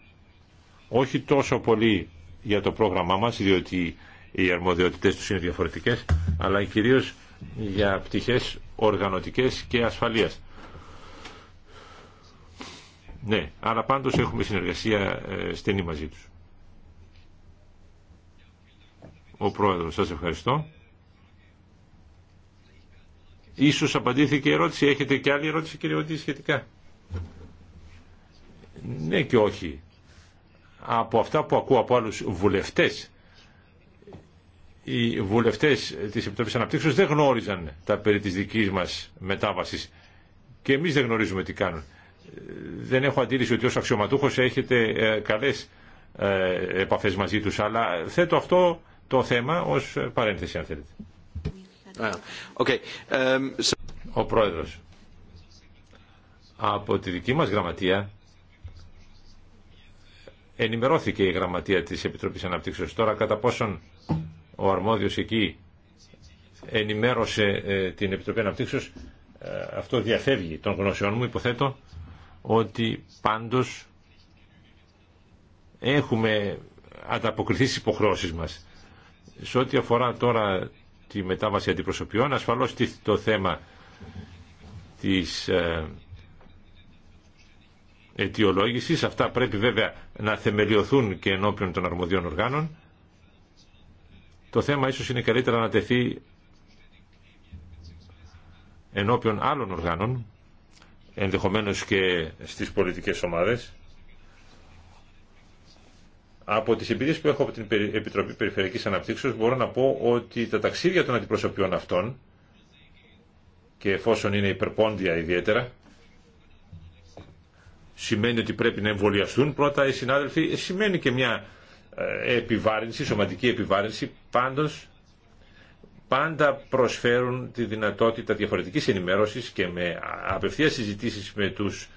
όχι τόσο πολύ για το πρόγραμμά μας, διότι οι αρμοδιότητες τους είναι διαφορετικές, αλλά κυρίως για πτυχές οργανωτικές και ασφαλείας. Ναι, αλλά πάντως έχουμε συνεργασία ε, στενή μαζί τους. Ο Πρόεδρος, σας ευχαριστώ. Ίσως απαντήθηκε η ερώτηση. Έχετε και άλλη ερώτηση κύριε σχετικά. Ναι και όχι. Από αυτά που ακούω από άλλους βουλευτές, οι βουλευτές της Επιτροπής Αναπτύξεως δεν γνώριζαν τα περί της δικής μας μετάβασης και εμείς δεν γνωρίζουμε τι κάνουν δεν έχω αντίληση ότι ως αξιωματούχος έχετε ε, καλές ε, επαφές μαζί τους, αλλά θέτω αυτό το θέμα ως παρένθεση αν θέλετε. Ο Πρόεδρος. Από τη δική μας γραμματεία ενημερώθηκε η γραμματεία της Επιτροπής Αναπτύξεως. Τώρα κατά πόσον ο αρμόδιος εκεί ενημέρωσε ε, την Επιτροπή Αναπτύξεως αυτό διαφεύγει των γνώσεών μου υποθέτω ότι πάντως έχουμε ανταποκριθεί στις υποχρώσεις μας. Σε ό,τι αφορά τώρα τη μετάβαση αντιπροσωπιών, ασφαλώς το θέμα της ε, αιτιολόγησης. Αυτά πρέπει βέβαια να θεμελιωθούν και ενώπιον των αρμοδίων οργάνων. Το θέμα ίσως είναι καλύτερα να τεθεί ενώπιον άλλων οργάνων ενδεχομένως και στις πολιτικές ομάδες. Από τις εμπειρίες που έχω από την Επιτροπή Περιφερειακής Αναπτύξεως μπορώ να πω ότι τα ταξίδια των αντιπροσωπιών αυτών και εφόσον είναι υπερπόντια ιδιαίτερα σημαίνει ότι πρέπει να εμβολιαστούν πρώτα οι συνάδελφοι ε, σημαίνει και μια ε, επιβάρυνση, σωματική επιβάρυνση πάντως πάντα προσφέρουν τη δυνατότητα διαφορετικής ενημέρωσης και με απευθείας συζητήσεις με τους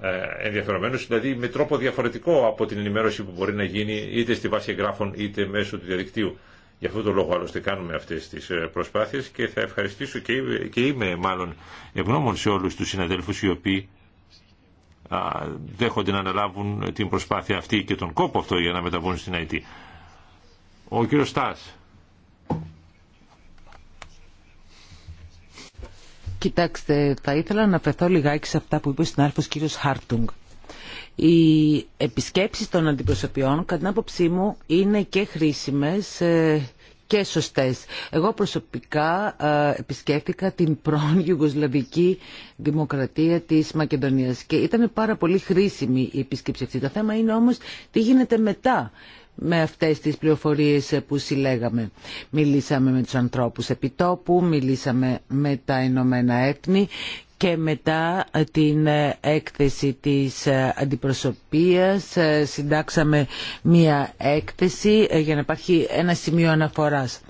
ε, ενδιαφερομένους, δηλαδή με τρόπο διαφορετικό από την ενημέρωση που μπορεί να γίνει είτε στη βάση εγγράφων είτε μέσω του διαδικτύου. Γι' αυτό τον λόγο άλλωστε κάνουμε αυτές τις ε, προσπάθειες και θα ευχαριστήσω και είμαι, μάλλον ευγνώμων σε όλους τους συναδέλφους οι οποίοι δέχονται να αναλάβουν την προσπάθεια αυτή και τον κόπο αυτό για να μεταβούν στην ΑΕΤ. Ο κύριος Στάς. Κοιτάξτε, θα ήθελα να αφαιθώ λιγάκι σε αυτά που είπε ο συνάδελφος κύριος Χάρτουγκ. Οι επισκέψεις των αντιπροσωπιών, κατά την άποψή μου, είναι και χρήσιμες ε, και σωστές. Εγώ προσωπικά ε, επισκέφτηκα την πρώην (laughs) Ιουγκοσλαβική Δημοκρατία της Μακεδονίας και ήταν πάρα πολύ χρήσιμη η επίσκεψη αυτή. Το θέμα είναι όμως τι γίνεται μετά με αυτές τις πληροφορίες που συλλέγαμε. Μιλήσαμε με τους ανθρώπους επιτόπου, μιλήσαμε με τα Ηνωμένα Έθνη και μετά την έκθεση της αντιπροσωπείας ε, συντάξαμε μία έκθεση ε, για να υπάρχει ένα σημείο αναφοράς.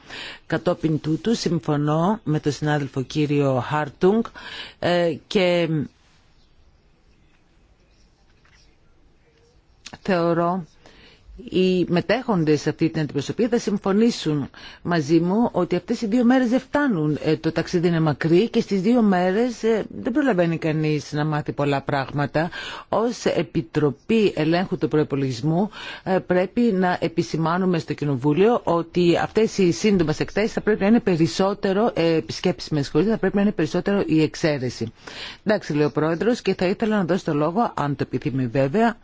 Κατόπιν τούτου συμφωνώ με τον συνάδελφο κύριο Χάρτουγκ ε, και θεωρώ οι μετέχοντες σε αυτή την αντιπροσωπεία θα συμφωνήσουν μαζί μου ότι αυτές οι δύο μέρες δεν φτάνουν. Ε, το ταξίδι είναι μακρύ και στις δύο μέρες ε, δεν προλαβαίνει κανείς να μάθει πολλά πράγματα. Ως Επιτροπή Ελέγχου του Προεπολογισμού ε, πρέπει να επισημάνουμε στο Κοινοβούλιο ότι αυτές οι σύντομες εκθέσει θα πρέπει να είναι περισσότερο με σχολή, θα πρέπει να είναι περισσότερο η εξαίρεση. Εντάξει λέει ο Πρόεδρος και θα ήθελα να δώσω το λόγο, αν το επιθυμεί βέβαια,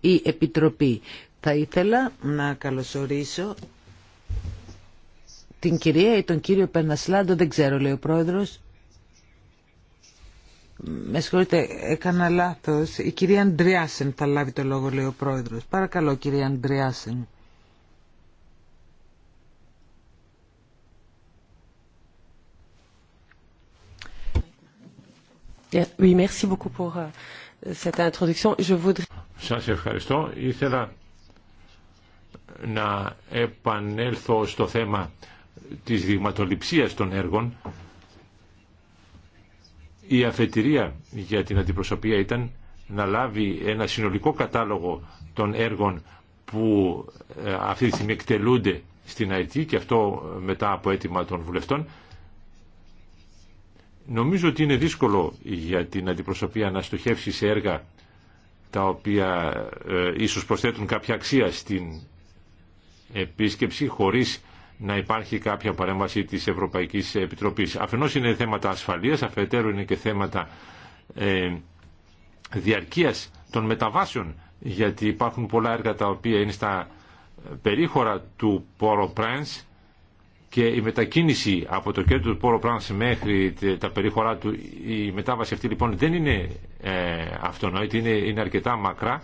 η Επιτροπή. Θα ήθελα να καλωσορίσω την κυρία ή τον κύριο Περνασλάντο, δεν ξέρω λέει ο πρόεδρος. Με συγχωρείτε, έκανα λάθος. Η κυρία Αντριάσεν θα λάβει το λόγο λέει ο πρόεδρος. Παρακαλώ κυρία Αντριάσεν. Euh, Σας ευχαριστώ να επανέλθω στο θέμα της δειγματοληψίας των έργων. Η αφετηρία για την αντιπροσωπεία ήταν να λάβει ένα συνολικό κατάλογο των έργων που ε, αυτή τη στιγμή εκτελούνται στην ΑΕΤ και αυτό μετά από αίτημα των βουλευτών. Νομίζω ότι είναι δύσκολο για την αντιπροσωπεία να στοχεύσει σε έργα τα οποία ε, ίσως προσθέτουν κάποια αξία στην επίσκεψη χωρίς να υπάρχει κάποια παρέμβαση της Ευρωπαϊκής Επιτροπής. Αφενός είναι θέματα ασφαλείας, αφετέρου είναι και θέματα ε, διαρκείας των μεταβάσεων, γιατί υπάρχουν πολλά έργα τα οποία είναι στα περίχωρα του Πόρο Πράνς και η μετακίνηση από το κέντρο του Πόρο Πράνς μέχρι τα περίχωρά του, η μετάβαση αυτή λοιπόν δεν είναι ε, αυτονόητη, είναι αρκετά μακρά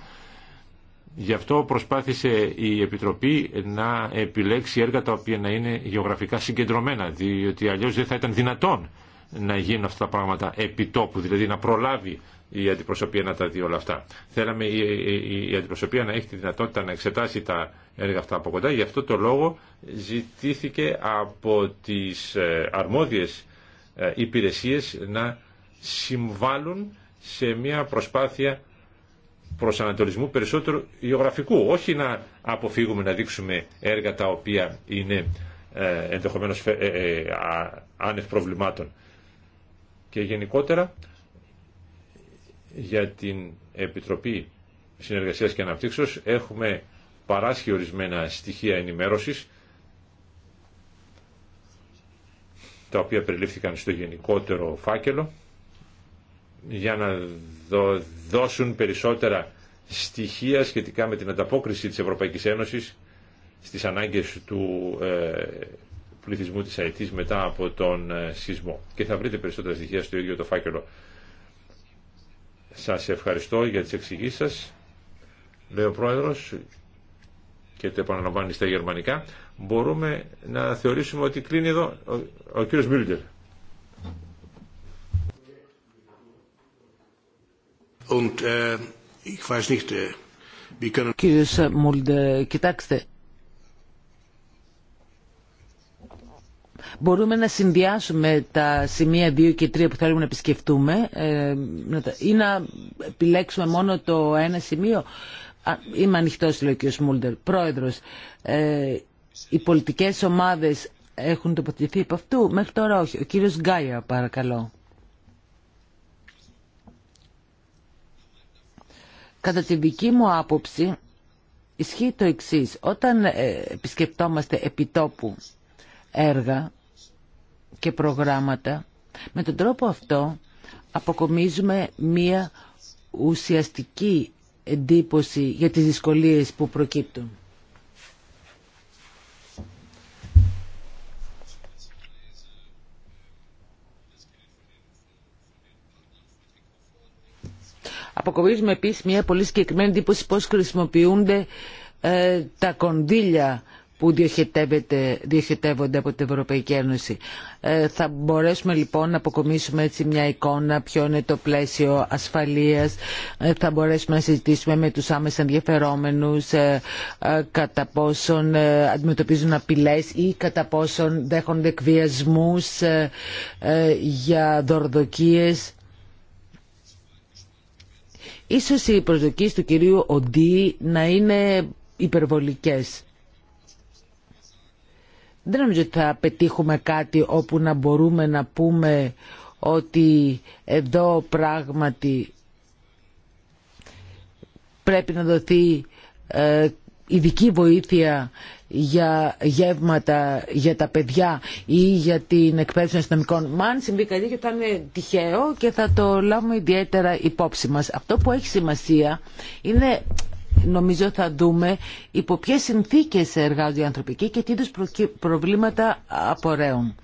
Γι' αυτό προσπάθησε η Επιτροπή να επιλέξει έργα τα οποία να είναι γεωγραφικά συγκεντρωμένα, διότι αλλιώς δεν θα ήταν δυνατόν να γίνουν αυτά τα πράγματα επιτόπου, δηλαδή να προλάβει η αντιπροσωπεία να τα δει όλα αυτά. Θέλαμε η, η, αντιπροσωπεία να έχει τη δυνατότητα να εξετάσει τα έργα αυτά από κοντά, γι' αυτό το λόγο ζητήθηκε από τις ε, αρμόδιες ε, υπηρεσίες να συμβάλλουν σε μια προσπάθεια προσανατολισμού περισσότερο γεωγραφικού. Όχι να αποφύγουμε να δείξουμε έργα τα οποία είναι ε, ενδεχομένως ε, ε, ε, άνευ προβλημάτων. Και γενικότερα για την Επιτροπή Συνεργασίας και Αναπτύξεως έχουμε παράσχει ορισμένα στοιχεία ενημέρωσης τα οποία περιλήφθηκαν στο γενικότερο φάκελο για να δώσουν περισσότερα στοιχεία σχετικά με την ανταπόκριση της Ευρωπαϊκής Ένωσης στις ανάγκες του ε, πληθυσμού της ΑΕΤΗΣ μετά από τον ε, σεισμό. Και θα βρείτε περισσότερα στοιχεία στο ίδιο το φάκελο. Σας ευχαριστώ για τις εξηγήσεις σας, λέει ο Πρόεδρος, και το επαναλαμβάνει στα γερμανικά. Μπορούμε να θεωρήσουμε ότι κλείνει εδώ ο, ο κύριος Μίλτερ. Äh, äh, Κύριε Μούλντερ, κοιτάξτε, μπορούμε να συνδυάσουμε τα σημεία 2 και 3 που θέλουμε να επισκεφτούμε ε, ή να επιλέξουμε μόνο το ένα σημείο. Είμαι ανοιχτό, λέει ο κ. Μούλντερ. Πρόεδρο, ε, οι πολιτικέ ομάδε έχουν τοποθετηθεί από αυτού. Μέχρι τώρα όχι. Ο κ. Γκάια, παρακαλώ. Κατά τη δική μου άποψη ισχύει το εξής. Όταν ε, επισκεπτόμαστε επιτόπου έργα και προγράμματα, με τον τρόπο αυτό αποκομίζουμε μία ουσιαστική εντύπωση για τις δυσκολίες που προκύπτουν. Αποκομίζουμε επίσης μια πολύ συγκεκριμένη εντύπωση πώς χρησιμοποιούνται ε, τα κονδύλια που διοχετεύονται από την Ευρωπαϊκή Ένωση. Ε, θα μπορέσουμε λοιπόν να αποκομίσουμε έτσι μια εικόνα ποιο είναι το πλαίσιο ασφαλείας, ε, θα μπορέσουμε να συζητήσουμε με τους άμεσα ενδιαφερόμενους κατά πόσον αντιμετωπίζουν απειλές ή κατά πόσον δέχονται εκβιασμούς για δορδοκίες Ίσως οι προσδοκίες του κυρίου Οντί να είναι υπερβολικές. Δεν νομίζω ότι θα πετύχουμε κάτι όπου να μπορούμε να πούμε ότι εδώ πράγματι πρέπει να δοθεί ε, ειδική βοήθεια για γεύματα για τα παιδιά ή για την εκπαίδευση των αστυνομικών. Μα αν συμβεί κάτι θα είναι τυχαίο και θα το λάβουμε ιδιαίτερα υπόψη μας. Αυτό που έχει σημασία είναι νομίζω θα δούμε υπό ποιε συνθήκε εργάζονται οι ανθρωπικοί και τι είδου προβλήματα απορρέουν.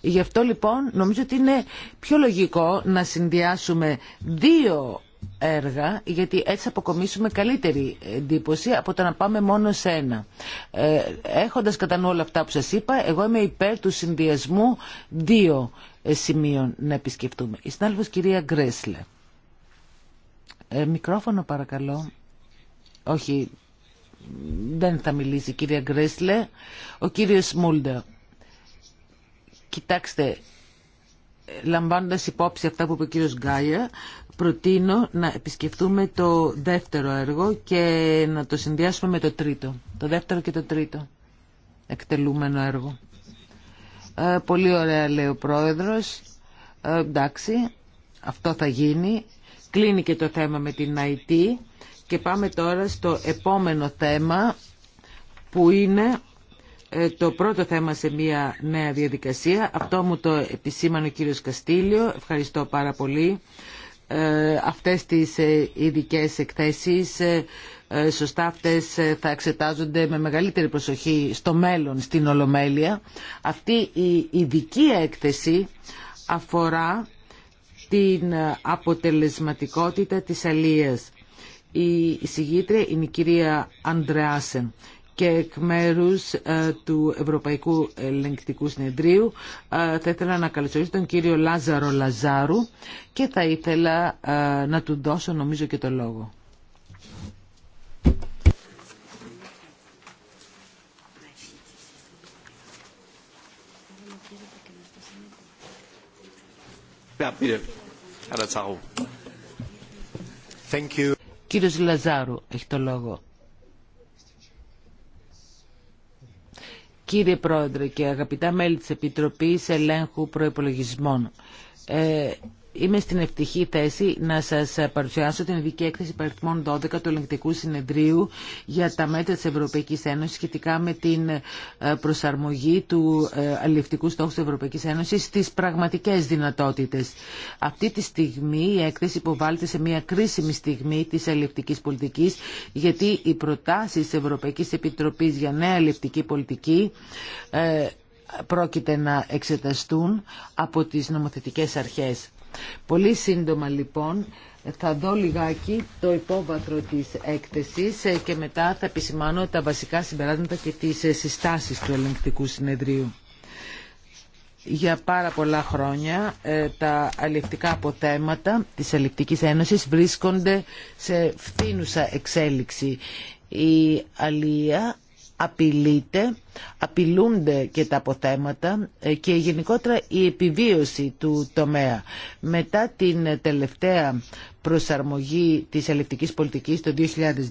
Γι' αυτό λοιπόν νομίζω ότι είναι πιο λογικό να συνδυάσουμε δύο έργα γιατί έτσι αποκομίσουμε καλύτερη εντύπωση από το να πάμε μόνο σε ένα. Ε, έχοντας κατά νου όλα αυτά που σας είπα, εγώ είμαι υπέρ του συνδυασμού δύο ε, σημείων να επισκεφτούμε. Η κυρία Γκρέσλε. Ε, μικρόφωνο παρακαλώ. Όχι, δεν θα μιλήσει η κυρία Γκρέσλε. Ο κύριος Μούλντα. Κοιτάξτε, ε, λαμβάνοντας υπόψη αυτά που είπε ο κύριος Γκάια, προτείνω να επισκεφτούμε το δεύτερο έργο και να το συνδυάσουμε με το τρίτο. Το δεύτερο και το τρίτο εκτελούμενο έργο. Ε, πολύ ωραία λέει ο πρόεδρος. Ε, εντάξει, αυτό θα γίνει. Κλείνει και το θέμα με την IT και πάμε τώρα στο επόμενο θέμα που είναι ε, το πρώτο θέμα σε μια νέα διαδικασία. Αυτό μου το επισήμανε ο κύριος Καστήλιο. Ευχαριστώ πάρα πολύ. Ε, αυτές τις ε, ειδικέ εκθέσεις ε, σωστά αυτές θα εξετάζονται με μεγαλύτερη προσοχή στο μέλλον στην Ολομέλεια. Αυτή η ειδική έκθεση αφορά την αποτελεσματικότητα της αλίας. Η συγγήτρια είναι η κυρία Αντρεάσεν και εκ μέρους ε, του Ευρωπαϊκού Ελεγκτικού Συνεδρίου ε, θα ήθελα να καλωσορίσω τον κύριο Λάζαρο Λαζάρου και θα ήθελα ε, να του δώσω νομίζω και το λόγο. Κύριος Λαζάρου έχει το λόγο. Κύριε Πρόεδρε και αγαπητά μέλη της Επιτροπής Ελέγχου Προϋπολογισμών, ε, Είμαι στην ευτυχή θέση να σας παρουσιάσω την ειδική έκθεση παριθμών 12 του Ελεγκτικού Συνεδρίου για τα μέτρα της Ευρωπαϊκής Ένωσης σχετικά με την ε, προσαρμογή του ε, αλληλευτικού στόχου της Ευρωπαϊκής Ένωσης στις πραγματικές δυνατότητες. Αυτή τη στιγμή η έκθεση υποβάλλεται σε μια κρίσιμη στιγμή της αλληλευτικής πολιτικής γιατί οι προτάσεις της Ευρωπαϊκής Επιτροπής για νέα αλληλευτική πολιτική ε, πρόκειται να εξεταστούν από τις νομοθετικές αρχές. Πολύ σύντομα λοιπόν θα δω λιγάκι το υπόβαθρο της έκθεσης ε, και μετά θα επισημάνω τα βασικά συμπεράσματα και τις ε, συστάσεις του ελεγκτικού συνεδρίου. Για πάρα πολλά χρόνια ε, τα αλληλευτικά αποθέματα της Αλληλευτικής Ένωσης βρίσκονται σε φθήνουσα εξέλιξη. Η αλληλεία απειλείται απειλούνται και τα αποθέματα ε, και γενικότερα η επιβίωση του τομέα. Μετά την τελευταία προσαρμογή της ελευτικής πολιτικής το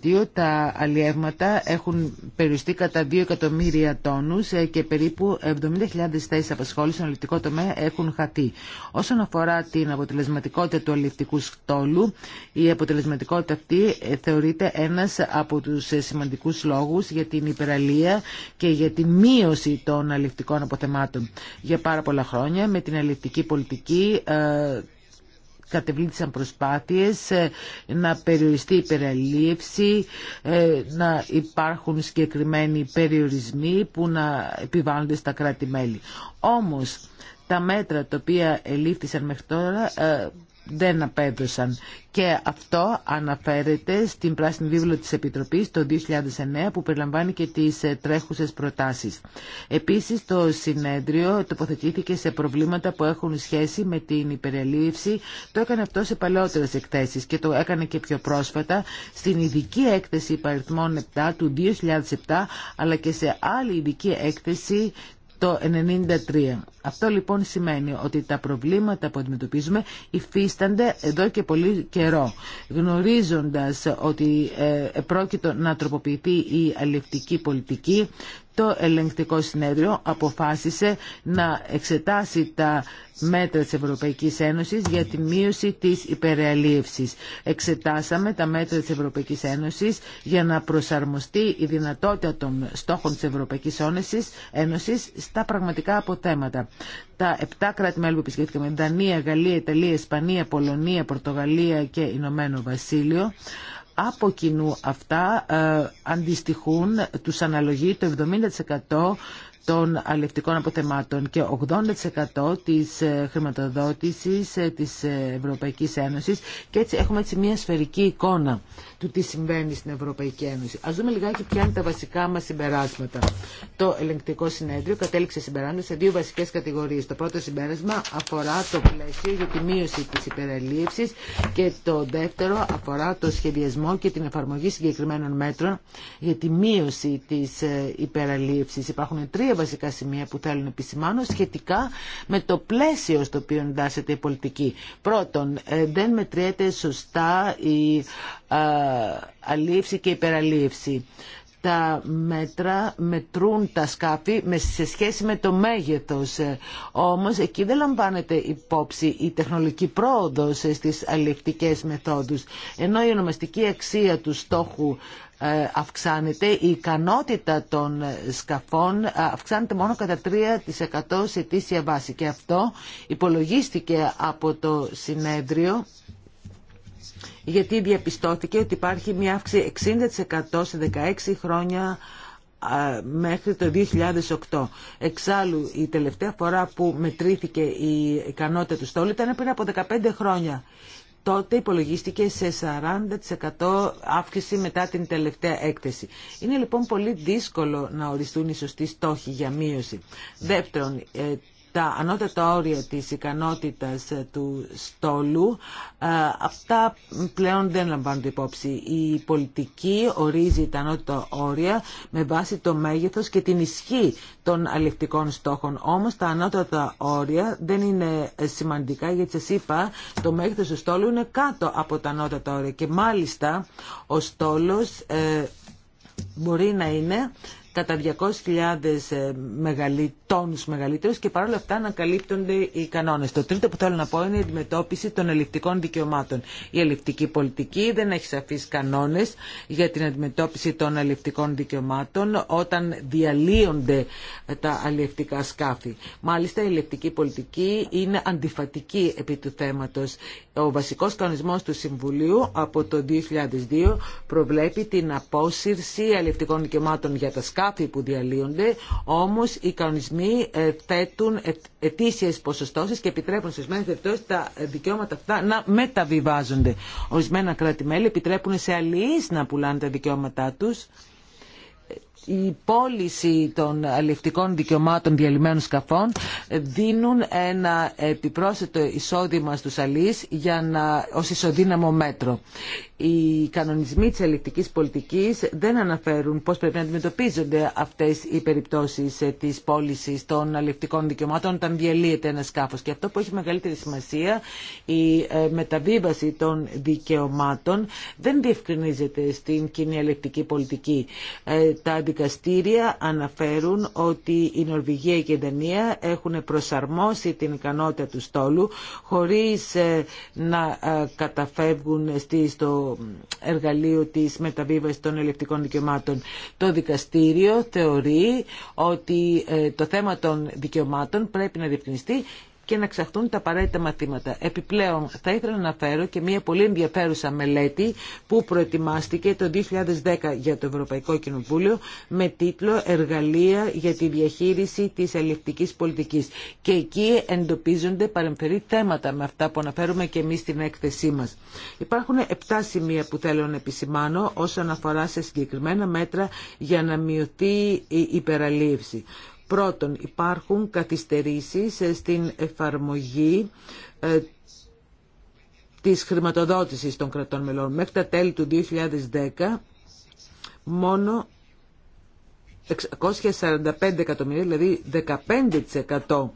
2002 τα αλλιεύματα έχουν περιοριστεί κατά 2 εκατομμύρια τόνους ε, και περίπου 70.000 θέσεις απασχόλησης στον ελευτικό τομέα έχουν χαθεί. Όσον αφορά την αποτελεσματικότητα του αλληλευτικού στόλου, η αποτελεσματικότητα αυτή ε, θεωρείται ένας από τους σημαντικούς λόγους για την υπεραλία και για τη μείωση των αλληλευτικών αποθεμάτων. Για πάρα πολλά χρόνια με την αλληλευτική πολιτική ε, κατεβλήθησαν προσπάθειες ε, να περιοριστεί η ε, να υπάρχουν συγκεκριμένοι περιορισμοί που να επιβάλλονται στα κράτη-μέλη. Όμως, τα μέτρα τα οποία ελήφθησαν μέχρι τώρα ε, δεν απέδωσαν. Και αυτό αναφέρεται στην Πράσινη Βίβλο της Επιτροπής το 2009 που περιλαμβάνει και τις ε, τρέχουσες προτάσεις. Επίσης το συνέδριο τοποθετήθηκε σε προβλήματα που έχουν σχέση με την υπερελίευση. Το έκανε αυτό σε παλαιότερες εκθέσεις και το έκανε και πιο πρόσφατα στην ειδική έκθεση υπαριθμών 7 του 2007 αλλά και σε άλλη ειδική έκθεση το 93. Αυτό λοιπόν σημαίνει ότι τα προβλήματα που αντιμετωπίζουμε υφίστανται εδώ και πολύ καιρό. Γνωρίζοντας ότι ε, πρόκειται να τροποποιηθεί η αλληλευτική πολιτική, το ελεγκτικό συνέδριο αποφάσισε να εξετάσει τα μέτρα της Ευρωπαϊκής Ένωσης για τη μείωση της υπερεαλίευσης. Εξετάσαμε τα μέτρα της Ευρωπαϊκής Ένωσης για να προσαρμοστεί η δυνατότητα των στόχων της Ευρωπαϊκής Ένωσης στα πραγματικά αποθέματα. Τα επτά κράτη-μέλη που επισκέφθηκαμε, Δανία, Γαλλία, Ιταλία, Ισπανία, Πολωνία, Πορτογαλία και Ηνωμένο Βασίλειο, από κοινού αυτά ε, αντιστοιχούν, τους αναλογεί το 70% των αλληλευτικών αποθεμάτων και 80% της ε, χρηματοδότησης ε, της Ευρωπαϊκής Ένωσης και έτσι έχουμε έτσι μια σφαιρική εικόνα του τι συμβαίνει στην Ευρωπαϊκή Ένωση. Α δούμε λιγάκι ποια είναι τα βασικά μα συμπεράσματα. Το ελεγκτικό συνέδριο κατέληξε συμπεράσματα σε δύο βασικέ κατηγορίε. Το πρώτο συμπέρασμα αφορά το πλαίσιο για τη μείωση τη υπεραλίευσης και το δεύτερο αφορά το σχεδιασμό και την εφαρμογή συγκεκριμένων μέτρων για τη μείωση τη ε, υπεραλίευσης. Υπάρχουν τρία βασικά σημεία που θέλουν επισημάνω σχετικά με το πλαίσιο στο οποίο εντάσσεται η πολιτική. Πρώτον, ε, δεν μετριέται σωστά η ε, αλίευση και υπεραλίευση. Τα μέτρα μετρούν τα σκάφη σε σχέση με το μέγεθος. Όμως εκεί δεν λαμβάνεται υπόψη η τεχνολογική πρόοδος στις αλληλευτικές μεθόδους. Ενώ η ονομαστική αξία του στόχου ε, αυξάνεται, η ικανότητα των σκαφών ε, αυξάνεται μόνο κατά 3% σε τήσια βάση. Και αυτό υπολογίστηκε από το συνέδριο γιατί διαπιστώθηκε ότι υπάρχει μια αύξηση 60% σε 16 χρόνια μέχρι το 2008. Εξάλλου, η τελευταία φορά που μετρήθηκε η ικανότητα του στόλου ήταν πριν από 15 χρόνια. Τότε υπολογίστηκε σε 40% αύξηση μετά την τελευταία έκθεση. Είναι λοιπόν πολύ δύσκολο να οριστούν οι σωστοί στόχοι για μείωση. Δεύτερον, ε, τα ανώτατα όρια της ικανότητας ε, του στόλου, ε, αυτά πλέον δεν λαμβάνονται υπόψη. Η πολιτική ορίζει τα ανώτατα όρια με βάση το μέγεθος και την ισχύ των αλληλεκτικών στόχων. Όμως τα ανώτατα όρια δεν είναι σημαντικά γιατί σας είπα το μέγεθος του στόλου είναι κάτω από τα ανώτατα όρια και μάλιστα ο στόλος ε, μπορεί να είναι κατά 200.000 μεγαλύ, τόνους μεγαλύτερους και παρόλα αυτά ανακαλύπτονται οι κανόνε. Το τρίτο που θέλω να πω είναι η αντιμετώπιση των ελληνικών δικαιωμάτων. Η ελληνική πολιτική δεν έχει σαφεί κανόνε για την αντιμετώπιση των αλληλευτικών δικαιωμάτων όταν διαλύονται τα αλληλευτικά σκάφη. Μάλιστα η αλληλευτική πολιτική είναι αντιφατική επί του θέματο. Ο βασικό κανονισμό του Συμβουλίου από το 2002 προβλέπει την απόσυρση αλληλευτικών δικαιωμάτων για τα σκάφη σκάφη που διαλύονται, όμως οι κανονισμοί ε, θέτουν ε, ετήσιες ποσοστώσεις και επιτρέπουν σε ορισμένες περιπτώσεις τα ε, δικαιώματα αυτά να μεταβιβάζονται. Ορισμένα κράτη-μέλη επιτρέπουν σε αλληλείς να πουλάνε τα δικαιώματά τους. Η πώληση των αλληλευτικών δικαιωμάτων διαλυμένων σκαφών δίνουν ένα επιπρόσθετο εισόδημα στους αλείς για να, ως ισοδύναμο μέτρο οι κανονισμοί της ελεκτικής πολιτικής δεν αναφέρουν πώς πρέπει να αντιμετωπίζονται αυτές οι περιπτώσεις ε, της πώληση των αλληλεκτικών δικαιωμάτων όταν διαλύεται ένα σκάφος. Και αυτό που έχει μεγαλύτερη σημασία, η ε, μεταβίβαση των δικαιωμάτων δεν διευκρινίζεται στην κοινή ελεκτική πολιτική. Ε, τα δικαστήρια αναφέρουν ότι η Νορβηγία και η Δανία έχουν προσαρμόσει την ικανότητα του στόλου χωρίς να καταφεύγουν στο εργαλείο της μεταβίβασης των ελευτικών δικαιωμάτων. Το δικαστήριο θεωρεί ότι ε, το θέμα των δικαιωμάτων πρέπει να διευκρινιστεί και να ξαχθούν τα απαραίτητα μαθήματα. Επιπλέον, θα ήθελα να αναφέρω και μια πολύ ενδιαφέρουσα μελέτη που προετοιμάστηκε το 2010 για το Ευρωπαϊκό Κοινοβούλιο με τίτλο «Εργαλεία για τη διαχείριση της ελληνική πολιτικής». Και εκεί εντοπίζονται παρεμφερεί θέματα με αυτά που αναφέρουμε και εμείς στην έκθεσή μας. Υπάρχουν 7 σημεία που θέλω να επισημάνω όσον αφορά σε συγκεκριμένα μέτρα για να μειωθεί η υπεραλίευση. Πρώτον, υπάρχουν καθυστερήσεις ε, στην εφαρμογή ε, της χρηματοδότησης των κρατών μελών. Μέχρι τα τέλη του 2010, μόνο 645 εκατομμύρια, δηλαδή 15%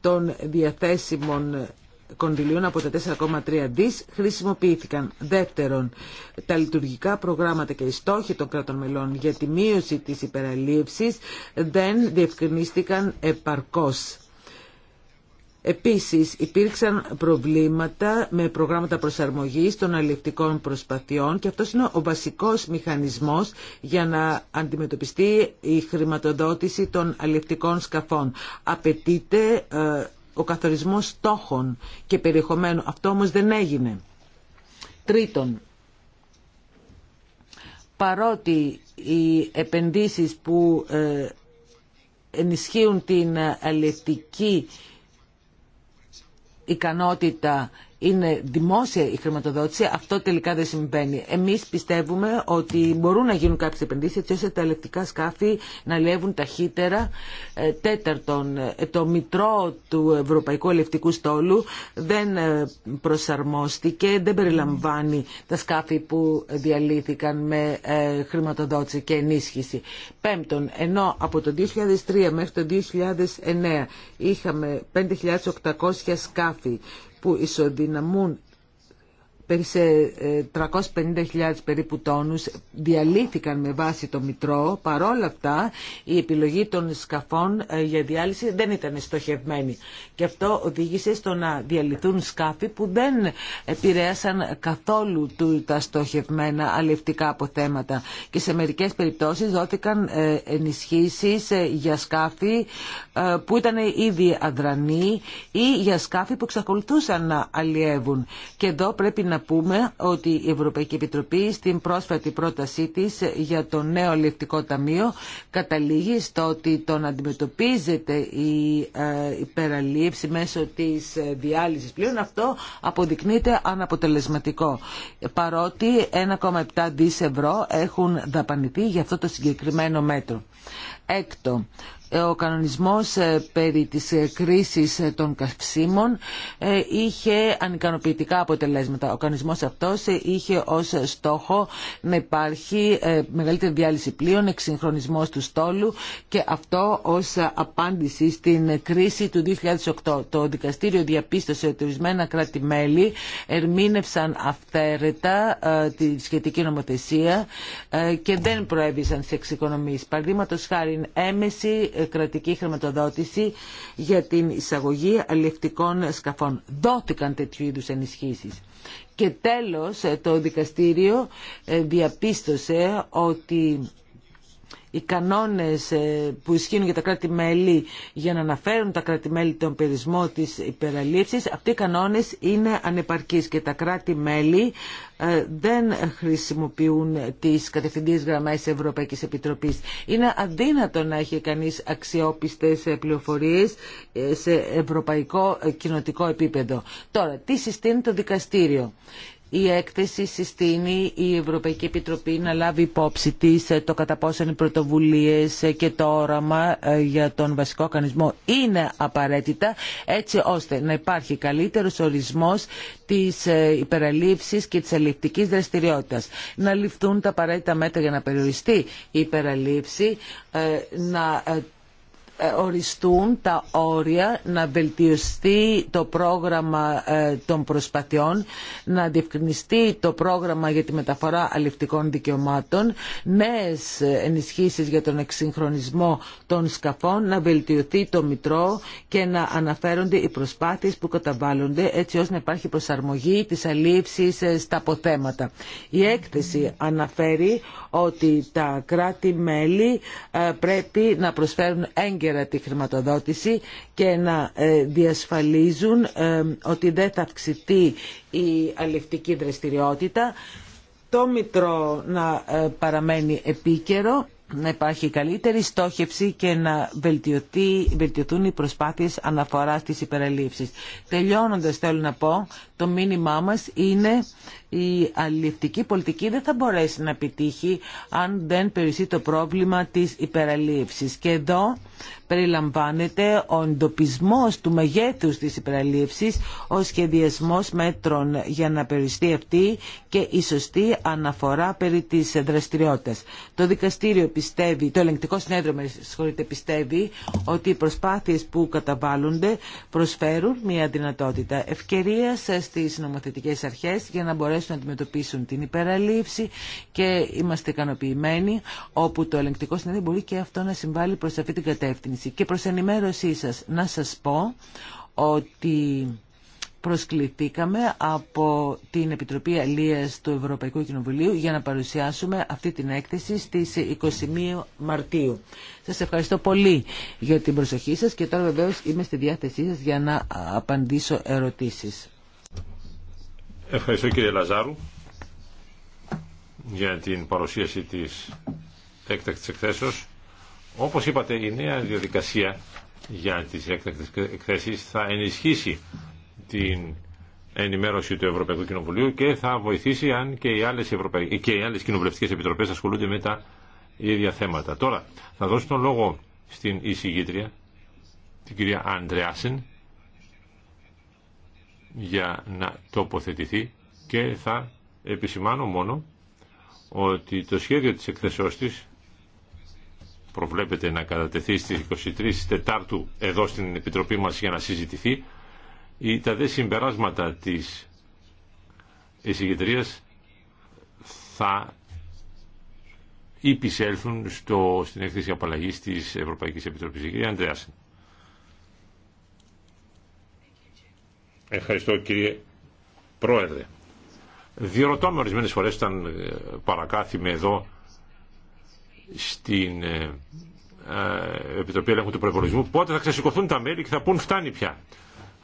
των διαθέσιμων από τα 4,3 δις χρησιμοποιήθηκαν. Δεύτερον, τα λειτουργικά προγράμματα και οι στόχοι των κρατών μελών για τη μείωση της υπεραλίευσης δεν διευκρινίστηκαν επαρκώς. Επίσης υπήρξαν προβλήματα με προγράμματα προσαρμογής των αλληλευτικών προσπαθειών και αυτός είναι ο βασικός μηχανισμός για να αντιμετωπιστεί η χρηματοδότηση των αλληλευτικών σκαφών. Απαιτείται ε, ο καθορισμός στόχων και περιεχομένου. Αυτό όμως δεν έγινε. Τρίτον, παρότι οι επενδύσεις που ε, ενισχύουν την αλληλευτική ικανότητα είναι δημόσια η χρηματοδότηση, αυτό τελικά δεν συμβαίνει. Εμεί πιστεύουμε ότι μπορούν να γίνουν κάποιε επενδύσει έτσι ώστε τα ελεκτικά σκάφη να λεύουν ταχύτερα. Ε, τέταρτον, ε, το μητρό του Ευρωπαϊκού Ελευτικού Στόλου δεν ε, προσαρμόστηκε, δεν περιλαμβάνει τα σκάφη που διαλύθηκαν με χρηματοδότηση και ενίσχυση. Πέμπτον, ενώ από το 2003 μέχρι το 2009 είχαμε 5.800 σκάφη που ισοδυναμούν σε 350.000 ε, περίπου τόνους διαλύθηκαν με βάση το μητρό. Παρόλα αυτά η επιλογή των σκαφών ε, για διάλυση δεν ήταν στοχευμένη. Και αυτό οδήγησε στο να διαλυθούν σκάφη που δεν επηρέασαν καθόλου τα στοχευμένα αλευτικά αποθέματα. Και σε μερικές περιπτώσεις δόθηκαν ε, ενισχύσεις για σκάφη που ήταν ήδη αδρανή ή για σκάφη που εξακολουθούσαν να αλλιεύουν. Και εδώ πρέπει να πούμε ότι η Ευρωπαϊκή Επιτροπή στην πρόσφατη πρότασή της για το νέο λεπτικό ταμείο καταλήγει στο ότι να αντιμετωπίζεται η ε, υπεραλήψη μέσω της ε, διάλυσης πλέον αυτό αποδεικνύεται αναποτελεσματικό παρότι 1,7 δις ευρώ έχουν δαπανηθεί για αυτό το συγκεκριμένο μέτρο. Έκτο, ο κανονισμός ε, περί της ε, κρίσης ε, των καυσίμων είχε ανικανοποιητικά αποτελέσματα. Ο κανονισμός αυτός είχε ως στόχο να υπάρχει μεγαλύτερη διάλυση πλοίων, εξυγχρονισμός του στόλου και αυτό ως απάντηση στην κρίση του 2008. Το δικαστήριο διαπίστωσε ότι ορισμένα κράτη-μέλη ερμήνευσαν αυθαίρετα τη σχετική νομοθεσία και δεν προέβησαν σε εξοικονομίες. Παραδείγματος χάρη έμεση κρατική χρηματοδότηση για την εισαγωγή αλληλευτικών σκαφών. Δόθηκαν τέτοιου είδους ενισχύσεις. Και τέλος το δικαστήριο ε, διαπίστωσε ότι οι κανόνες ε, που ισχύουν για τα κράτη-μέλη για να αναφέρουν τα κράτη-μέλη τον περιορισμό της υπεραλήψης, αυτοί οι κανόνες είναι ανεπαρκείς και τα κράτη-μέλη ε, δεν χρησιμοποιούν τις κατευθυντήριες γραμμές Ευρωπαϊκής Επιτροπής. Είναι αδύνατο να έχει κανείς αξιόπιστες πληροφορίες ε, σε ευρωπαϊκό κοινοτικό επίπεδο. Τώρα, τι συστήνει το δικαστήριο η έκθεση συστήνει η Ευρωπαϊκή Επιτροπή να λάβει υπόψη της ε, το κατά οι πρωτοβουλίες ε, και το όραμα ε, για τον βασικό κανονισμό είναι απαραίτητα έτσι ώστε να υπάρχει καλύτερος ορισμός της υπεραλήψης και της αλληλεπτικής δραστηριότητας. Να ληφθούν τα απαραίτητα μέτρα για να περιοριστεί η υπεραλήψη, ε, οριστούν τα όρια, να βελτιωθεί το πρόγραμμα ε, των προσπαθειών, να διευκρινιστεί το πρόγραμμα για τη μεταφορά αληφτικών δικαιωμάτων, νέες ενισχύσεις για τον εξυγχρονισμό των σκαφών, να βελτιωθεί το μητρό και να αναφέρονται οι προσπάθειες που καταβάλλονται έτσι ώστε να υπάρχει προσαρμογή της αλήψης ε, στα αποθέματα. Η έκθεση αναφέρει ότι τα κράτη-μέλη πρέπει να προσφέρουν έγκαιρα χρηματοδότηση και να ε, διασφαλίζουν ε, ότι δεν θα αυξηθεί η αλληλευτική δραστηριότητα. Το Μητρό να ε, παραμένει επίκαιρο, να υπάρχει καλύτερη στόχευση και να βελτιωθούν οι προσπάθειες αναφοράς της υπεραλήψης. Τελειώνοντας θέλω να πω, το μήνυμά μας είναι η αλληλευτική πολιτική δεν θα μπορέσει να επιτύχει αν δεν περισσεί το πρόβλημα της υπεραλήψης. Και εδώ περιλαμβάνεται ο εντοπισμός του μεγέθους της υπεραλήψης, ο σχεδιασμός μέτρων για να περιστεί αυτή και η σωστή αναφορά περί της δραστηριότητας. Το δικαστήριο πιστεύει, το ελεγκτικό συνέδριο πιστεύει ότι οι προσπάθειες που καταβάλλονται προσφέρουν μια δυνατότητα ευκαιρία στις νομοθετικές αρχές για να μπορέσουν να αντιμετωπίσουν την υπεραλήψη και είμαστε ικανοποιημένοι όπου το ελεγκτικό συνέδριο μπορεί και αυτό να συμβάλλει προς αυτή την κατεύθυνση. Και προς ενημέρωσή σας να σας πω ότι προσκληθήκαμε από την Επιτροπή Αλίας του Ευρωπαϊκού Κοινοβουλίου για να παρουσιάσουμε αυτή την έκθεση στις 21 Μαρτίου. Σας ευχαριστώ πολύ για την προσοχή σας και τώρα βεβαίως είμαι στη διάθεσή σας για να απαντήσω ερωτήσεις. Ευχαριστώ κύριε Λαζάρου για την παρουσίαση της έκτακτης εκθέσεως. Όπως είπατε, η νέα διαδικασία για τις έκτακτες εκθέσεις θα ενισχύσει την ενημέρωση του Ευρωπαϊκού Κοινοβουλίου και θα βοηθήσει αν και οι άλλες, Ευρωπαϊ... Ε, και οι άλλες κοινοβουλευτικές επιτροπές ασχολούνται με τα ίδια θέματα. Τώρα θα δώσω τον λόγο στην εισηγήτρια, την κυρία Αντρεάσεν, για να τοποθετηθεί και θα επισημάνω μόνο ότι το σχέδιο της εκθεσεώς της προβλέπεται να κατατεθεί στις 23 Τετάρτου εδώ στην Επιτροπή μας για να συζητηθεί ή τα δε συμπεράσματα της εισηγητρίας θα υπησέλθουν στο, στην έκθεση απαλλαγή της Ευρωπαϊκής Επιτροπής. Κύριε Ανδρέας. Ευχαριστώ κύριε Πρόεδρε. Διερωτώ με ορισμένε φορές όταν ε, παρακάθιμε εδώ στην ε, ε, Επιτροπή Ελέγχου του Προπολογισμού πότε θα ξεσηκωθούν τα μέλη και θα πούν φτάνει πια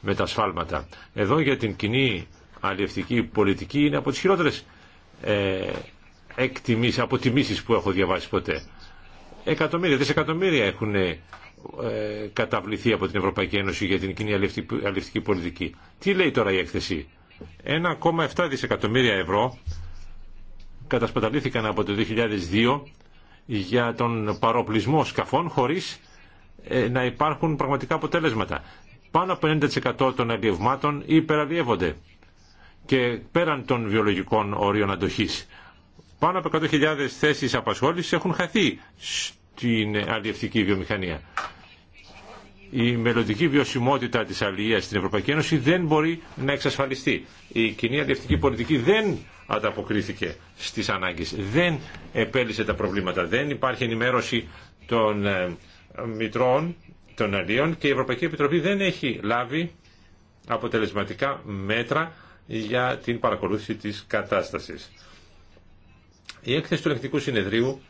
με τα σφάλματα. Εδώ για την κοινή αλληλευτική πολιτική είναι από τις χειρότερες ε, εκτιμήσεις, αποτιμήσεις που έχω διαβάσει ποτέ. Εκατομμύρια, δισεκατομμύρια έχουν ε, καταβληθεί από την Ευρωπαϊκή Ένωση για την κοινή αλληλευτική πολιτική. Τι λέει τώρα η έκθεση. 1,7 δισεκατομμύρια ευρώ κατασπαταλήθηκαν από το 2002 για τον παροπλισμό σκαφών χωρίς ε, να υπάρχουν πραγματικά αποτέλεσματα. Πάνω από 90% των αλλιευμάτων υπεραλλιεύονται και πέραν των βιολογικών ορίων αντοχής. Πάνω από 100.000 θέσεις απασχόλησης έχουν χαθεί στην αλλιευτική βιομηχανία η μελλοντική βιωσιμότητα της αλληλείας στην Ευρωπαϊκή Ένωση δεν μπορεί να εξασφαλιστεί. Η κοινή αλληλευτική πολιτική δεν ανταποκρίθηκε στις ανάγκες, δεν επέλυσε τα προβλήματα, δεν υπάρχει ενημέρωση των ε, μητρών των αλλήλων και η Ευρωπαϊκή Επιτροπή δεν έχει λάβει αποτελεσματικά μέτρα για την παρακολούθηση της κατάστασης. Η έκθεση του Ελεκτικού Συνεδρίου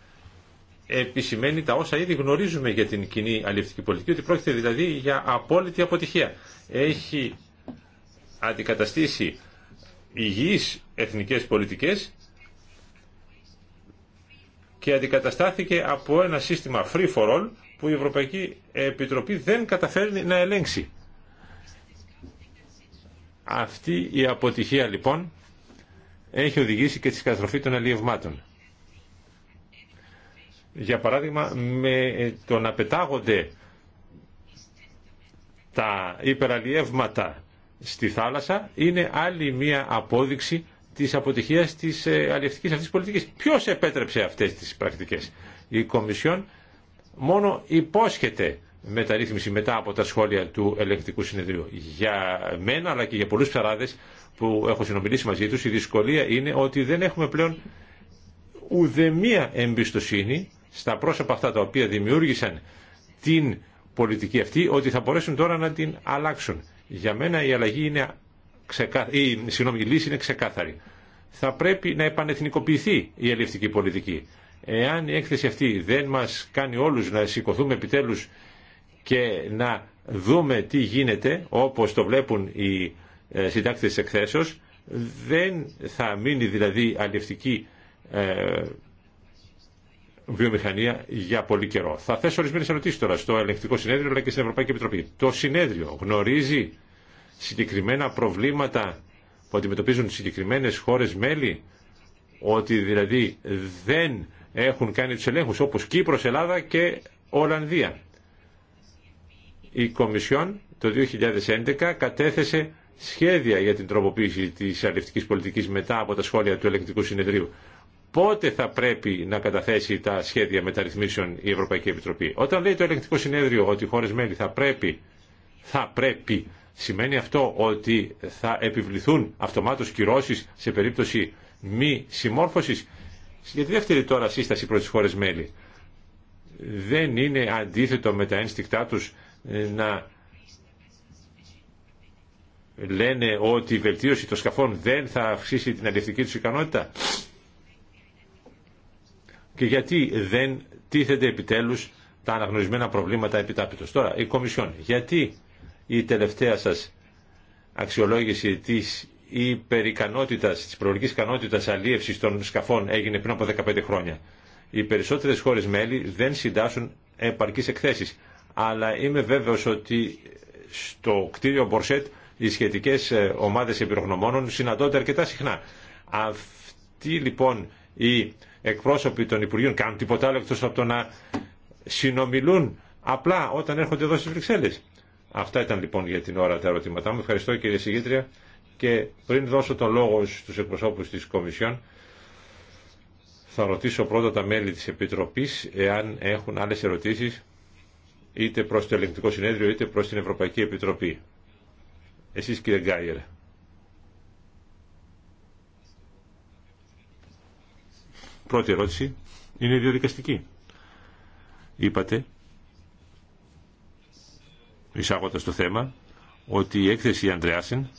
επισημαίνει τα όσα ήδη γνωρίζουμε για την κοινή αλληλευτική πολιτική, ότι πρόκειται δηλαδή για απόλυτη αποτυχία. Έχει αντικαταστήσει υγιείς εθνικές πολιτικές και αντικαταστάθηκε από ένα σύστημα free for all που η Ευρωπαϊκή Επιτροπή δεν καταφέρνει να ελέγξει. Αυτή η αποτυχία λοιπόν έχει οδηγήσει και τη καταστροφή των αλλιευμάτων για παράδειγμα με ε, το να πετάγονται τα υπεραλλιεύματα στη θάλασσα είναι άλλη μία απόδειξη της αποτυχίας της ε, αλληλευτικής αυτής πολιτικής. Ποιος επέτρεψε αυτές τις πρακτικές. Η Κομισιόν μόνο υπόσχεται μεταρρύθμιση μετά από τα σχόλια του ελεγκτικού συνεδρίου. Για μένα αλλά και για πολλούς ψαράδες που έχω συνομιλήσει μαζί τους η δυσκολία είναι ότι δεν έχουμε πλέον ουδεμία εμπιστοσύνη στα πρόσωπα αυτά τα οποία δημιούργησαν την πολιτική αυτή ότι θα μπορέσουν τώρα να την αλλάξουν. Για μένα η αλλαγή είναι η, λύση είναι ξεκάθαρη. Θα πρέπει να επανεθνικοποιηθεί η ελληνική πολιτική. Εάν η έκθεση αυτή δεν μας κάνει όλους να σηκωθούμε επιτέλους και να δούμε τι γίνεται όπως το βλέπουν οι ε, συντάκτες εκθέσεως, δεν θα μείνει δηλαδή αλληλευτική ε, βιομηχανία για πολύ καιρό. Θα θέσω ορισμένε ερωτήσει τώρα στο Ελεκτικό Συνέδριο αλλά και στην Ευρωπαϊκή Επιτροπή. Το Συνέδριο γνωρίζει συγκεκριμένα προβλήματα που αντιμετωπίζουν συγκεκριμένε χώρε μέλη, ότι δηλαδή δεν έχουν κάνει του ελέγχου όπω Κύπρο, Ελλάδα και Ολλανδία. Η Κομισιόν το 2011 κατέθεσε σχέδια για την τροποποίηση της αλληλευτικής πολιτικής μετά από τα σχόλια του ελεγκτικού συνεδρίου πότε θα πρέπει να καταθέσει τα σχέδια μεταρρυθμίσεων η Ευρωπαϊκή Επιτροπή. Όταν λέει το ελεγκτικό συνέδριο ότι οι χώρες μέλη θα πρέπει, θα πρέπει, σημαίνει αυτό ότι θα επιβληθούν αυτομάτως κυρώσεις σε περίπτωση μη συμμόρφωσης. Για τη δεύτερη τώρα σύσταση προς τις χώρες μέλη. Δεν είναι αντίθετο με τα ένστικτά τους ε, να λένε ότι η βελτίωση των σκαφών δεν θα αυξήσει την αλληλευτική τους ικανότητα και γιατί δεν τίθενται επιτέλους τα αναγνωρισμένα προβλήματα επιτάπητος. Τώρα, η Κομισιόν, γιατί η τελευταία σας αξιολόγηση της υπερικανότητα, τη προορικής ικανότητα αλίευσης των σκαφών έγινε πριν από 15 χρόνια. Οι περισσότερες χώρες μέλη δεν συντάσσουν επαρκεί εκθέσεις. Αλλά είμαι βέβαιο ότι στο κτίριο Μπορσέτ οι σχετικέ ε, ομάδε επιρρογνωμόνων συναντώνται αρκετά συχνά. λοιπόν η εκπρόσωποι των Υπουργείων κάνουν τίποτα άλλο εκτός από το να συνομιλούν απλά όταν έρχονται εδώ στις Βρυξέλλες. Αυτά ήταν λοιπόν για την ώρα τα ερωτήματά μου. Ευχαριστώ κύριε Συγήτρια και πριν δώσω τον λόγο στους εκπροσώπους της Κομισιόν θα ρωτήσω πρώτα τα μέλη της Επιτροπής εάν έχουν άλλες ερωτήσεις είτε προς το Ελεγκτικό Συνέδριο είτε προς την Ευρωπαϊκή Επιτροπή. Εσείς κύριε Γκάιερ. Πρώτη ερώτηση είναι διαδικαστική. Είπατε, εισάγοντας το θέμα, ότι η έκθεση Αντρεάσεν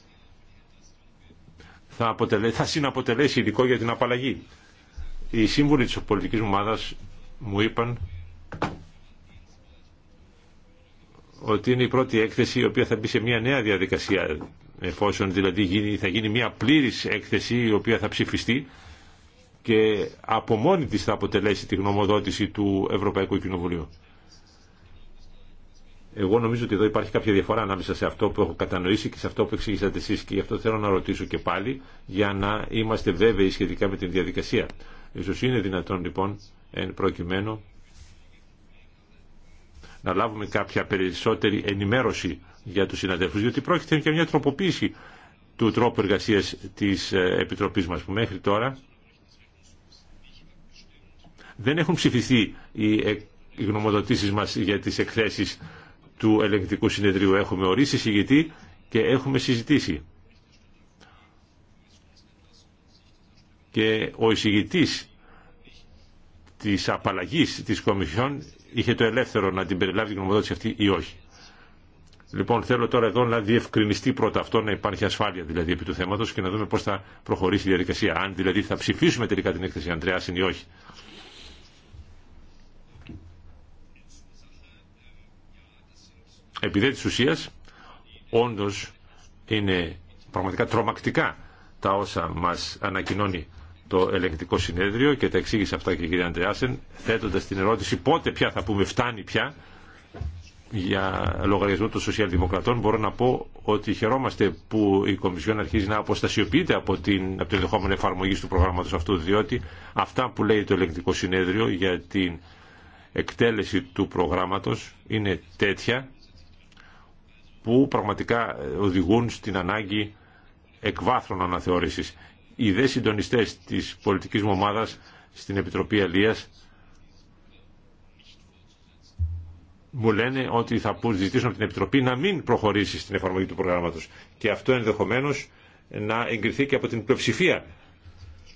θα, αποτελε... θα συναποτελέσει ειδικό για την απαλλαγή. Οι σύμβουλοι της πολιτικής ομάδας μου είπαν ότι είναι η πρώτη έκθεση η οποία θα μπει σε μια νέα διαδικασία εφόσον δηλαδή θα γίνει μια πλήρης έκθεση η οποία θα ψηφιστεί και από μόνη της θα αποτελέσει τη γνωμοδότηση του Ευρωπαϊκού Κοινοβουλίου. Εγώ νομίζω ότι εδώ υπάρχει κάποια διαφορά ανάμεσα σε αυτό που έχω κατανοήσει και σε αυτό που εξήγησατε εσεί και γι' αυτό θέλω να ρωτήσω και πάλι για να είμαστε βέβαιοι σχετικά με την διαδικασία. Ίσως είναι δυνατόν λοιπόν εν προκειμένου να λάβουμε κάποια περισσότερη ενημέρωση για τους συναδέλφους διότι πρόκειται και μια τροποποίηση του τρόπου εργασίας της Επιτροπής μας που μέχρι τώρα δεν έχουν ψηφιστεί ε, οι γνωμοδοτήσεις μας για τις εκθέσεις του ελεγκτικού συνεδρίου. Έχουμε ορίσει συγητή και έχουμε συζητήσει. Και ο εισηγητής της απαλλαγής της Κομισιόν είχε το ελεύθερο να την περιλάβει η γνωμοδότηση αυτή ή όχι. Λοιπόν, θέλω τώρα εδώ να διευκρινιστεί πρώτα αυτό, να υπάρχει ασφάλεια δηλαδή επί του θέματο και να δούμε πώ θα προχωρήσει η διαδικασία. Αν δηλαδή θα ψηφίσουμε τελικά την έκθεση Αντρέα ή όχι. Επειδή της ουσίας, όντως είναι πραγματικά τρομακτικά τα όσα μας ανακοινώνει το ελεγκτικό συνέδριο και τα εξήγησε αυτά και η κυρία Αντρεάσεν, θέτοντας την ερώτηση πότε πια θα πούμε φτάνει πια για λογαριασμό των σοσιαλδημοκρατών μπορώ να πω ότι χαιρόμαστε που η Κομισιόν αρχίζει να αποστασιοποιείται από την, από εφαρμογή του προγράμματος αυτού διότι αυτά που λέει το ελεγκτικό συνέδριο για την εκτέλεση του προγράμματος είναι τέτοια που πραγματικά ε, οδηγούν στην ανάγκη εκβάθρων αναθεώρησης. Οι δε συντονιστέ της πολιτικής μου ομάδας στην Επιτροπή Αλίας μου λένε ότι θα ζητήσουν από την Επιτροπή να μην προχωρήσει στην εφαρμογή του προγράμματος. Και αυτό ενδεχομένως να εγκριθεί και από την πλειοψηφία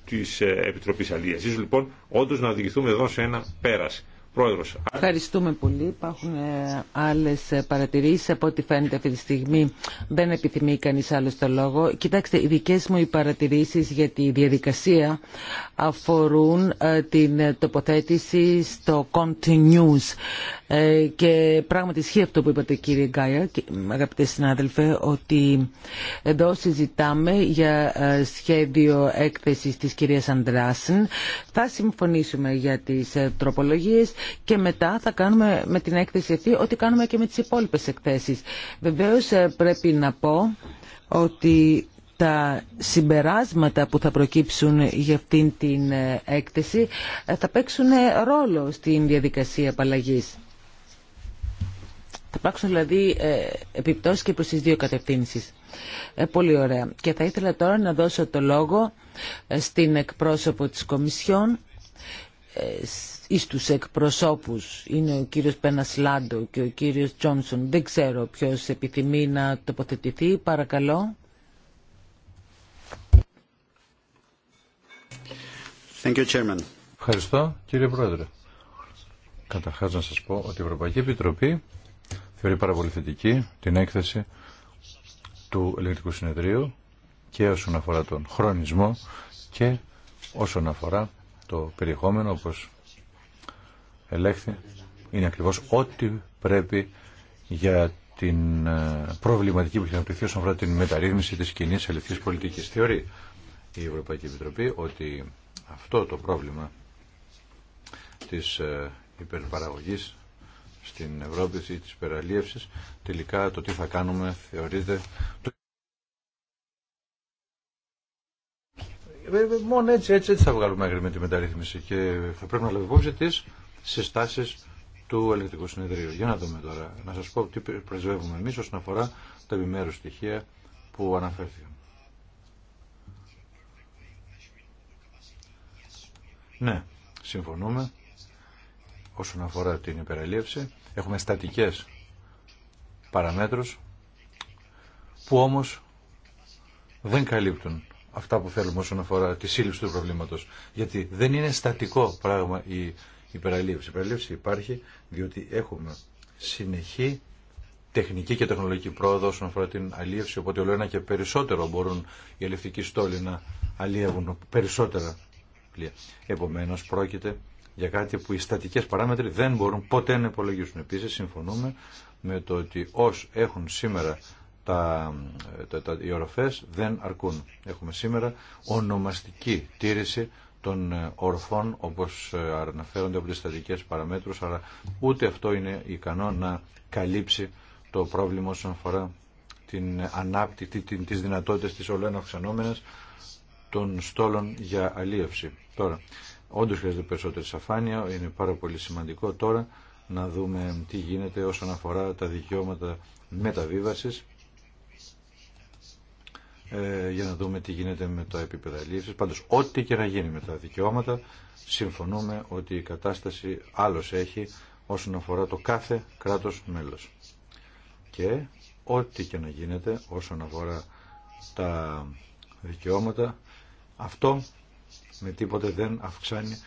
της ε, Επιτροπής Αλίας. Ίσως λοιπόν όντως να οδηγηθούμε εδώ σε ένα πέρας. Πρόεδρος. Ευχαριστούμε πολύ. Υπάρχουν ε, άλλε παρατηρήσει. από ό,τι φαίνεται αυτή τη στιγμή. Δεν επιθυμεί κανεί άλλο το λόγο. Κοιτάξτε, οι δικές μου οι παρατηρήσεις για τη διαδικασία αφορούν ε, την τοποθέτηση στο Continuous. Ε, και πράγματι ισχύει αυτό που είπατε κύριε Γκάια, αγαπητέ συνάδελφε, ότι εδώ συζητάμε για ε, σχέδιο έκθεση της κυρίας Αντράσεν. Θα συμφωνήσουμε για τις ε, τροπολογίες και μετά θα κάνουμε με την έκθεση αυτή ό,τι κάνουμε και με τις υπόλοιπες εκθέσεις. Βεβαίως πρέπει να πω ότι τα συμπεράσματα που θα προκύψουν για αυτήν την έκθεση θα παίξουν ρόλο στην διαδικασία απαλλαγής. Θα υπάρξουν δηλαδή ε, επιπτώσεις και προς τις δύο κατευθύνσεις. Ε, πολύ ωραία. Και θα ήθελα τώρα να δώσω το λόγο ε, στην εκπρόσωπο της Κομισιόν ή στου εκπροσώπους είναι ο κύριος Πένασλάντο και ο κύριος Τζόνσον. Δεν ξέρω ποιος επιθυμεί να τοποθετηθεί. Παρακαλώ. Thank you, Chairman. Ευχαριστώ κύριε Πρόεδρε. Καταρχάς να σας πω ότι η Ευρωπαϊκή Επιτροπή θεωρεί πάρα πολύ θετική την έκθεση του Ελληνικού Συνεδρίου και όσον αφορά τον χρονισμό και όσον αφορά το περιεχόμενο όπως ελέγχθη είναι ακριβώς ό,τι πρέπει για την ε, προβληματική που έχει αναπτυχθεί όσον αφορά την μεταρρύθμιση της κοινή ελευθερικής πολιτικής. Θεωρεί η Ευρωπαϊκή Επιτροπή ότι αυτό το πρόβλημα της ε, υπερπαραγωγής στην Ευρώπη ή της τελικά το τι θα κάνουμε θεωρείται... Ε, ε, μόνο έτσι, έτσι, θα βγάλουμε άκρη με τη μεταρρύθμιση και θα πρέπει να λάβει υπόψη τις συστάσεις του ελεκτικού συνεδρίου. Για να δούμε τώρα, να σα πω τι πρεσβεύουμε εμεί όσον αφορά τα επιμέρους στοιχεία που αναφέρθηκαν. Ναι, συμφωνούμε όσον αφορά την υπεραλίευση. Έχουμε στατικές παραμέτρους που όμως δεν καλύπτουν αυτά που θέλουμε όσον αφορά τη σύλληψη του προβλήματος. Γιατί δεν είναι στατικό πράγμα η υπεραλίευση. Η υπεραλίευση υπάρχει διότι έχουμε συνεχή τεχνική και τεχνολογική πρόοδο όσον αφορά την αλίευση, οπότε όλο ένα και περισσότερο μπορούν οι ελευτικοί στόλοι να αλίευουν περισσότερα πλοία. Επομένως πρόκειται για κάτι που οι στατικές παράμετροι δεν μπορούν ποτέ να υπολογίσουν. Επίσης συμφωνούμε με το ότι όσοι έχουν σήμερα τα, τα, οι οροφές δεν αρκούν. Έχουμε σήμερα ονομαστική τήρηση των ε, ορφών όπως ε, αναφέρονται από τις στατικές παραμέτρους αλλά ούτε αυτό είναι ικανό να καλύψει το πρόβλημα όσον αφορά την ανάπτυξη, την, τις δυνατότητες της των στόλων για αλίευση. Τώρα, Όντω χρειάζεται περισσότερη σαφάνεια, είναι πάρα πολύ σημαντικό τώρα να δούμε τι γίνεται όσον αφορά τα δικαιώματα μεταβίβασης ε, για να δούμε τι γίνεται με τα επίπεδα λήψη. Πάντως, ό,τι και να γίνει με τα δικαιώματα, συμφωνούμε ότι η κατάσταση άλλος έχει όσον αφορά το κάθε κράτος μέλος. Και ό,τι και να γίνεται όσον αφορά τα δικαιώματα, αυτό με τίποτε δεν αυξάνει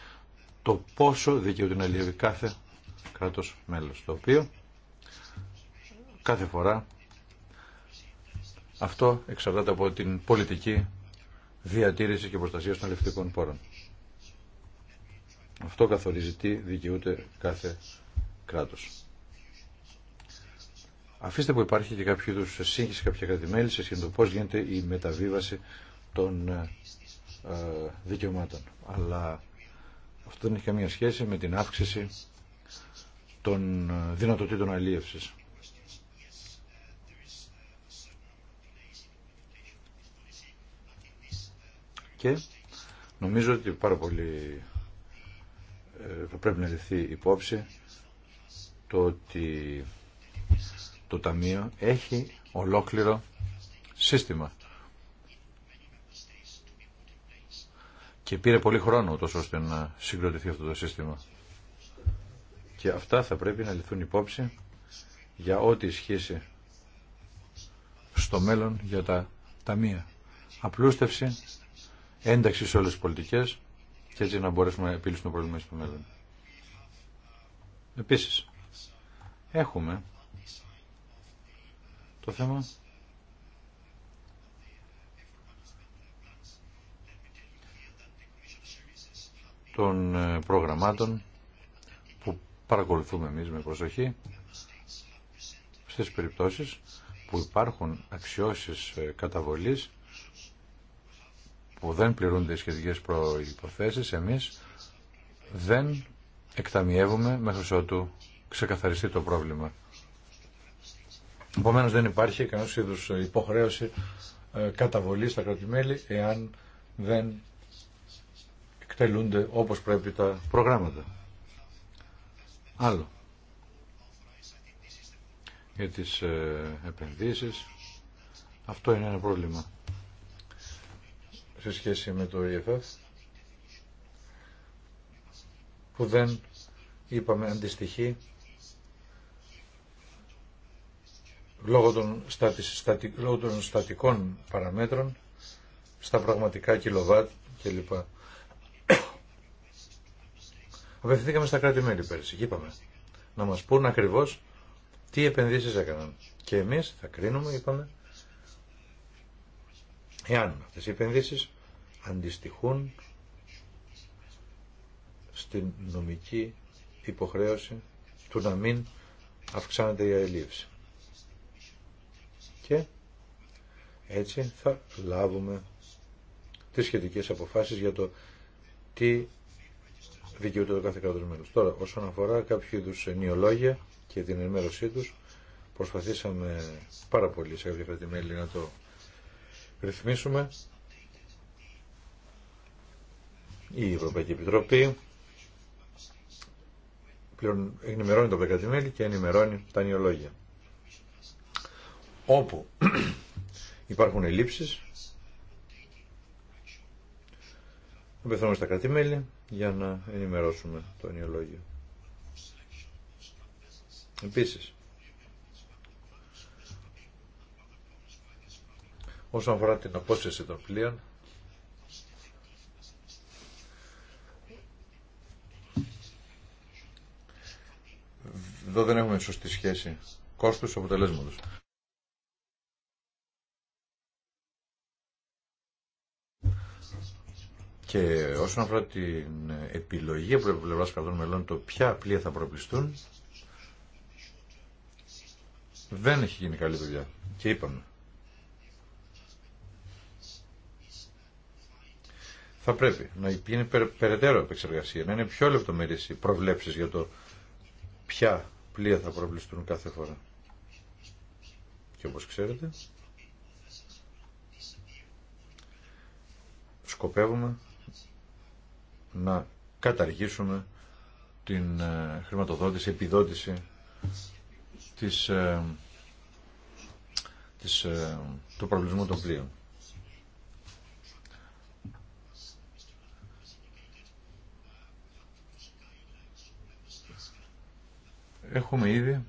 το πόσο δικαιούται να κάθε κράτος μέλος, το οποίο κάθε φορά αυτό εξαρτάται από την πολιτική διατήρηση και προστασία των λευτικών πόρων. Αυτό καθορίζει τι δικαιούται κάθε κράτος. Αφήστε που υπάρχει και κάποιο είδου σύγχυση, κάποια κρατημέλη σε το πώ γίνεται η μεταβίβαση των ε, ε, δικαιωμάτων. Αλλά αυτό δεν έχει καμία σχέση με την αύξηση των ε, δυνατοτήτων αλίευσης. Και νομίζω ότι πάρα πολύ ε, πρέπει να ληφθεί υπόψη το ότι το Ταμείο έχει ολόκληρο σύστημα Και πήρε πολύ χρόνο τόσο ώστε να συγκροτηθεί αυτό το σύστημα. Και αυτά θα πρέπει να ληφθούν υπόψη για ό,τι ισχύσει στο μέλλον για τα ταμεία. Απλούστευση, ένταξη σε όλες τις πολιτικές και έτσι να μπορέσουμε να επιλύσουμε το πρόβλημα στο μέλλον. Επίσης, έχουμε το θέμα των ε, προγραμμάτων που παρακολουθούμε εμείς με προσοχή στις περιπτώσεις που υπάρχουν αξιώσεις ε, καταβολής που δεν πληρούνται οι σχετικές προϋποθέσεις εμείς δεν εκταμιεύουμε μέχρι ότου ξεκαθαριστεί το πρόβλημα. Επομένως δεν υπάρχει κανένας είδους υποχρέωση ε, καταβολής στα κρατημέλη εάν δεν εκτελούνται όπως πρέπει τα προγράμματα. Άλλο. Για τις ε, επενδύσεις. Αυτό είναι ένα πρόβλημα. Σε σχέση με το EFF που δεν είπαμε αντιστοιχεί λόγω των, λόγω των στατικών παραμέτρων στα πραγματικά κιλοβάτ κλπ. Απευθυνθήκαμε στα κράτη-μέλη πέρυσι και είπαμε να μα πούν ακριβώ τι επενδύσεις έκαναν. Και εμείς θα κρίνουμε, είπαμε, εάν αυτές οι επενδύσεις αντιστοιχούν στην νομική υποχρέωση του να μην αυξάνεται η αελίευση. Και έτσι θα λάβουμε τις σχετικές αποφάσεις για το τι δικαιούται το κάθε κράτο μέλος. Τώρα, όσον αφορά κάποιο είδου νεολόγια και την ενημέρωσή του. προσπαθήσαμε πάρα πολύ σε κάποια μέλη να το ρυθμίσουμε. Η Ευρωπαϊκή Επιτροπή πλέον ενημερώνει το μέλη και ενημερώνει τα νεολόγια. Όπου (coughs) υπάρχουν ελλείψεις, απευθύνουμε στα κρατημέλη για να ενημερώσουμε το ενοιολόγιο. Επίσης, όσον αφορά την απόσταση των πλοίων, εδώ δεν έχουμε σωστή σχέση κόστους αποτελέσματος. Και όσον αφορά την επιλογή από πλευρά κρατών μελών το ποια πλοία θα προπιστούν, δεν έχει γίνει καλή δουλειά. Και είπαμε. Θα πρέπει να γίνει περαιτέρω επεξεργασία, να είναι πιο λεπτομερείς οι προβλέψεις για το ποια πλοία θα προβληστούν κάθε φορά. Και όπως ξέρετε, σκοπεύουμε να καταργήσουμε την ε, χρηματοδότηση, επιδότηση της, ε, ε, του προβλησμού των πλοίων. Έχουμε ήδη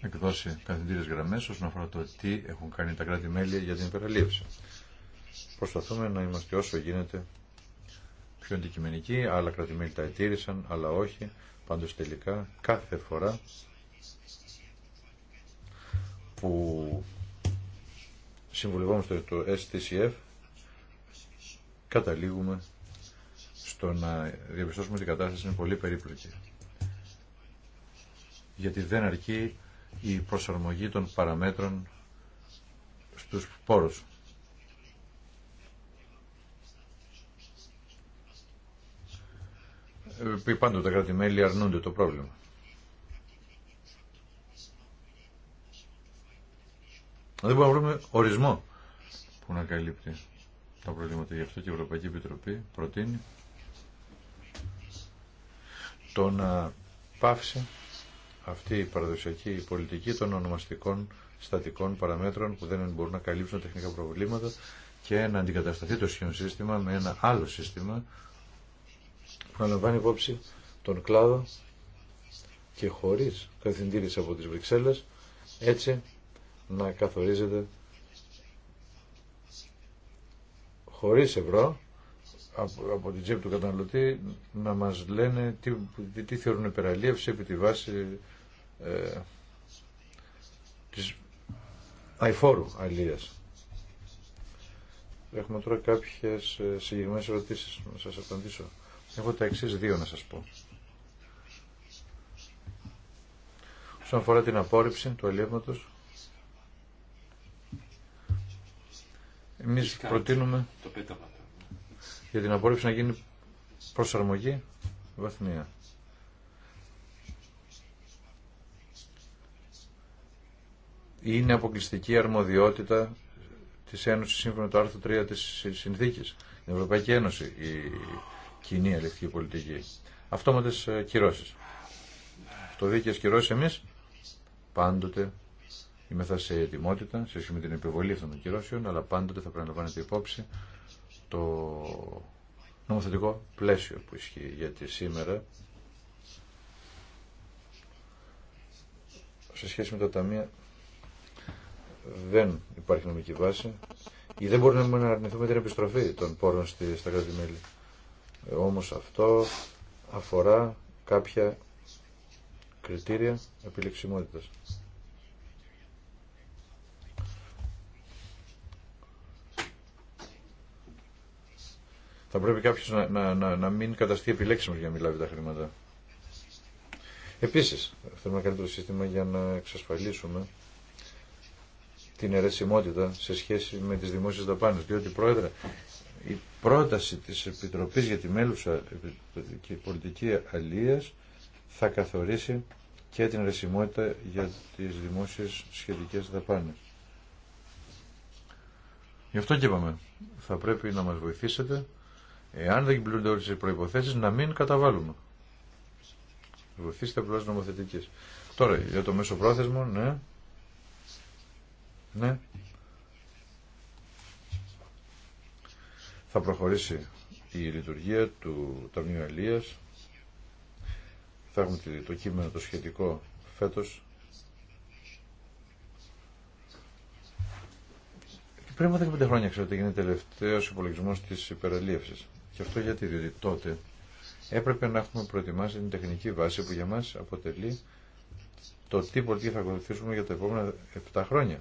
εκδώσει καθημερινές γραμμές όσον αφορά το τι έχουν κάνει τα κράτη-μέλη για την υπεραλίευση. Προσπαθούμε να είμαστε όσο γίνεται πιο αντικειμενική, άλλα κρατημέλη τα ετήρησαν, αλλά όχι. Πάντως τελικά κάθε φορά που συμβουλευόμαστε το STCF καταλήγουμε στο να διαπιστώσουμε ότι η κατάσταση είναι πολύ περίπλοκη. Γιατί δεν αρκεί η προσαρμογή των παραμέτρων στους πόρους. Ε, πάντοτε τα κράτη-μέλη αρνούνται το πρόβλημα. Δεν μπορούμε να βρούμε ορισμό που να καλύπτει τα προβλήματα. Γι' αυτό και η Ευρωπαϊκή Επιτροπή προτείνει το να πάυσει αυτή η παραδοσιακή πολιτική των ονομαστικών στατικών παραμέτρων που δεν μπορούν να καλύψουν τεχνικά προβλήματα και να αντικατασταθεί το σχεδόν σύστημα με ένα άλλο σύστημα να λαμβάνει υπόψη τον κλάδο και χωρίς καθυντήρηση από τις Βρυξέλλες, έτσι να καθορίζεται χωρίς ευρώ από, από την τσέπη του καταναλωτή να μας λένε τι, τι, τι θεωρούν υπεραλίευση επί τη βάση ε, της αϊφόρου αλίας. Έχουμε τώρα κάποιες ε, συγκεκριμένες ερωτήσεις να σας απαντήσω. Έχω τα εξή δύο να σας πω. Όσον αφορά την απόρριψη του ελίγματος, εμείς προτείνουμε για την απόρριψη να γίνει προσαρμογή βαθμία. Είναι αποκλειστική αρμοδιότητα της Ένωσης σύμφωνα με το άρθρο 3 της Συνθήκης. Η Ευρωπαϊκή Ένωση, κοινή αληθική πολιτική. Αυτόματες ε, κυρώσεις. Το δίκαιο κυρώσεις εμείς πάντοτε είμαστε σε ετοιμότητα σε σχέση με την επιβολή αυτών των κυρώσεων, αλλά πάντοτε θα πρέπει να λαμβάνετε υπόψη το νομοθετικό πλαίσιο που ισχύει. Γιατί σήμερα σε σχέση με τα ταμεία δεν υπάρχει νομική βάση ή δεν μπορούμε να αρνηθούμε την επιστροφή των πόρων στα κράτη-μέλη. Ε, όμως αυτό αφορά κάποια κριτήρια επιλεξιμότητας. Θα πρέπει κάποιος να, να, να, να μην καταστεί επιλέξιμος για να μιλάει τα χρήματα. Επίσης, θέλουμε ένα καλύτερο σύστημα για να εξασφαλίσουμε την αιρεσιμότητα σε σχέση με τις δημόσιες δαπάνες. Διότι, Πρόεδρε, η πρόταση της Επιτροπής για τη μέλουσα και πολιτική αλίας θα καθορίσει και την ρεσιμότητα για τις δημόσιες σχετικές δαπάνες. Γι' αυτό και είπαμε, θα πρέπει να μας βοηθήσετε, εάν δεν πληρούνται όλες οι προϋποθέσεις, να μην καταβάλουμε. Βοηθήστε απλώς νομοθετικές. Τώρα, για το μέσο πρόθεσμο, ναι. Ναι. θα προχωρήσει η λειτουργία του Ταμείου Ελίας. Θα έχουμε το κείμενο το σχετικό φέτος. Πριν από 15 χρόνια ξέρετε ότι γίνεται τελευταίος υπολογισμός της υπεραλίευσης. Και αυτό γιατί, διότι τότε έπρεπε να έχουμε προετοιμάσει την τεχνική βάση που για μας αποτελεί το τι πολιτική θα ακολουθήσουμε για τα επόμενα 7 χρόνια.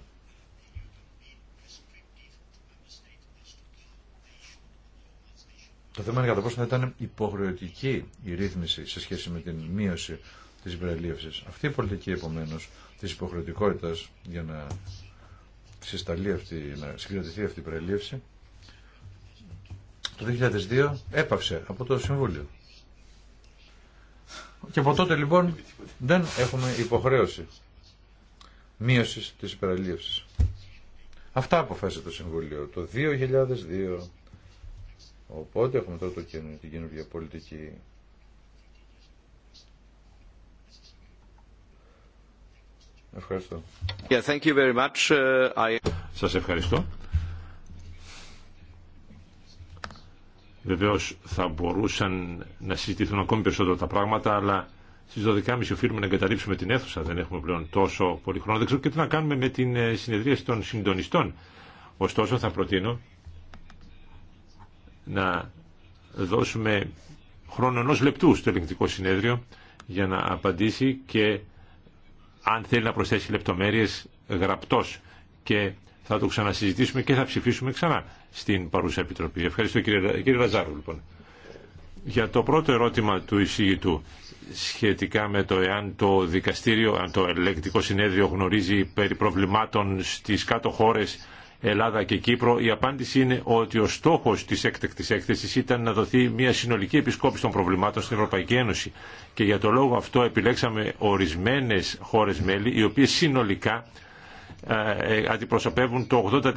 Το θέμα είναι κατά πόσο θα ήταν υποχρεωτική η ρύθμιση σε σχέση με την μείωση της υπερελίευση. Αυτή η πολιτική επομένω της υποχρεωτικότητας για να συσταλεί αυτή, να συγκρατηθεί αυτή η υπεραλίευση το 2002 έπαυσε από το Συμβούλιο. Και από τότε λοιπόν δεν έχουμε υποχρέωση μείωση της υπεραλίευση. Αυτά αποφάσισε το Συμβούλιο το 2002. Οπότε έχουμε τώρα το την καινούργια πολιτική. Ευχαριστώ. Yeah, thank you very much. Uh, I... Σας ευχαριστώ. Βεβαίως θα μπορούσαν να συζητηθούν ακόμη περισσότερο τα πράγματα, αλλά στις 12.30 οφείλουμε να εγκαταλείψουμε την αίθουσα. Δεν έχουμε πλέον τόσο πολύ χρόνο. Δεν ξέρω και τι να κάνουμε με την ε, συνεδρίαση των συντονιστών. Ωστόσο θα προτείνω να δώσουμε χρόνο ενός λεπτού στο ελεγκτικό συνέδριο για να απαντήσει και αν θέλει να προσθέσει λεπτομέρειες γραπτός και θα το ξανασυζητήσουμε και θα ψηφίσουμε ξανά στην παρούσα Επιτροπή. Ευχαριστώ κύριε, κύριε Λαζάρου λοιπόν. Για το πρώτο ερώτημα του εισηγητού σχετικά με το εάν το δικαστήριο, αν το ελεγκτικό συνέδριο γνωρίζει περί προβλημάτων στις κάτω χώρες Ελλάδα και Κύπρο, η απάντηση είναι ότι ο στόχο τη έκτακτη έκθεση ήταν να δοθεί μια συνολική επισκόπηση των προβλημάτων στην Ευρωπαϊκή Ένωση. Και για το λόγο αυτό επιλέξαμε ορισμένε χώρε μέλη, οι οποίε συνολικά ε, ε, αντιπροσωπεύουν το 80%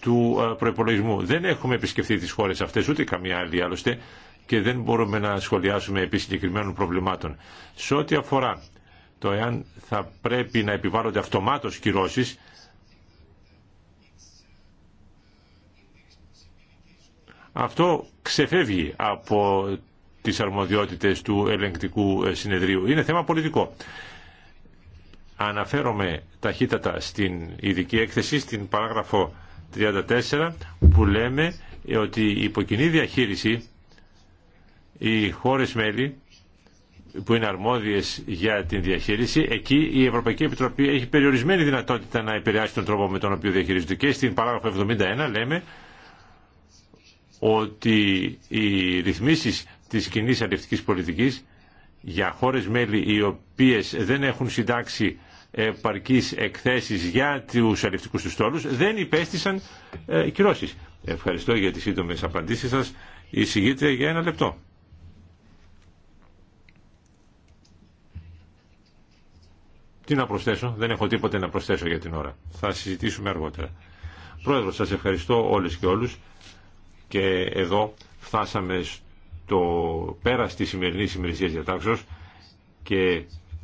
του ε, προπολογισμού. Δεν έχουμε επισκεφθεί τι χώρε αυτέ, ούτε καμία άλλη άλλωστε, και δεν μπορούμε να σχολιάσουμε επί συγκεκριμένων προβλημάτων. Σε ό,τι αφορά το εάν θα πρέπει να επιβάλλονται αυτομάτω κυρώσει, Αυτό ξεφεύγει από τις αρμοδιότητες του ελεγκτικού ε, συνεδρίου. Είναι θέμα πολιτικό. Αναφέρομαι ταχύτατα στην ειδική έκθεση, στην παράγραφο 34, που λέμε ε, ότι η υποκοινή διαχείριση οι χώρες μέλη που είναι αρμόδιες για την διαχείριση, εκεί η Ευρωπαϊκή Επιτροπή έχει περιορισμένη δυνατότητα να επηρεάσει τον τρόπο με τον οποίο διαχειρίζεται. Και στην παράγραφο 71 λέμε ότι οι ρυθμίσεις της κοινή αλληλευτικής πολιτικής για χώρες μέλη οι οποίες δεν έχουν συντάξει επαρκείς εκθέσεις για τους αλληλευτικούς του στόλους δεν υπέστησαν ε, κυρώσεις. Ευχαριστώ για τις σύντομες απαντήσεις σας. Εισηγείτε για ένα λεπτό. Τι να προσθέσω, δεν έχω τίποτε να προσθέσω για την ώρα. Θα συζητήσουμε αργότερα. Πρόεδρο, σας ευχαριστώ όλες και όλους. Και εδώ φτάσαμε στο πέρα της σημερινή ημερησίας διατάξεως και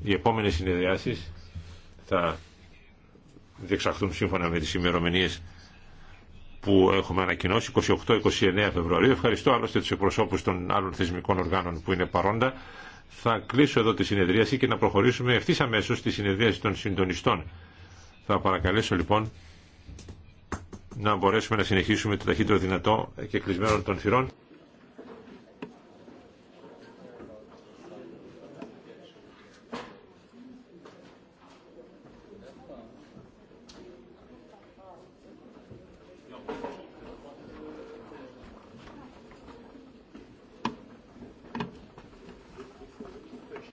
οι επόμενες συνεδριάσεις θα διεξαχθούν σύμφωνα με τις ημερομηνίε που έχουμε ανακοινώσει 28-29 Φεβρουαρίου. Ευχαριστώ άλλωστε τους εκπροσώπους των άλλων θεσμικών οργάνων που είναι παρόντα. Θα κλείσω εδώ τη συνεδρίαση και να προχωρήσουμε ευθύ αμέσω στη συνεδρίαση των συντονιστών. Θα παρακαλέσω λοιπόν να μπορέσουμε να συνεχίσουμε το ταχύτερο δυνατό και κλεισμένο των θυρών.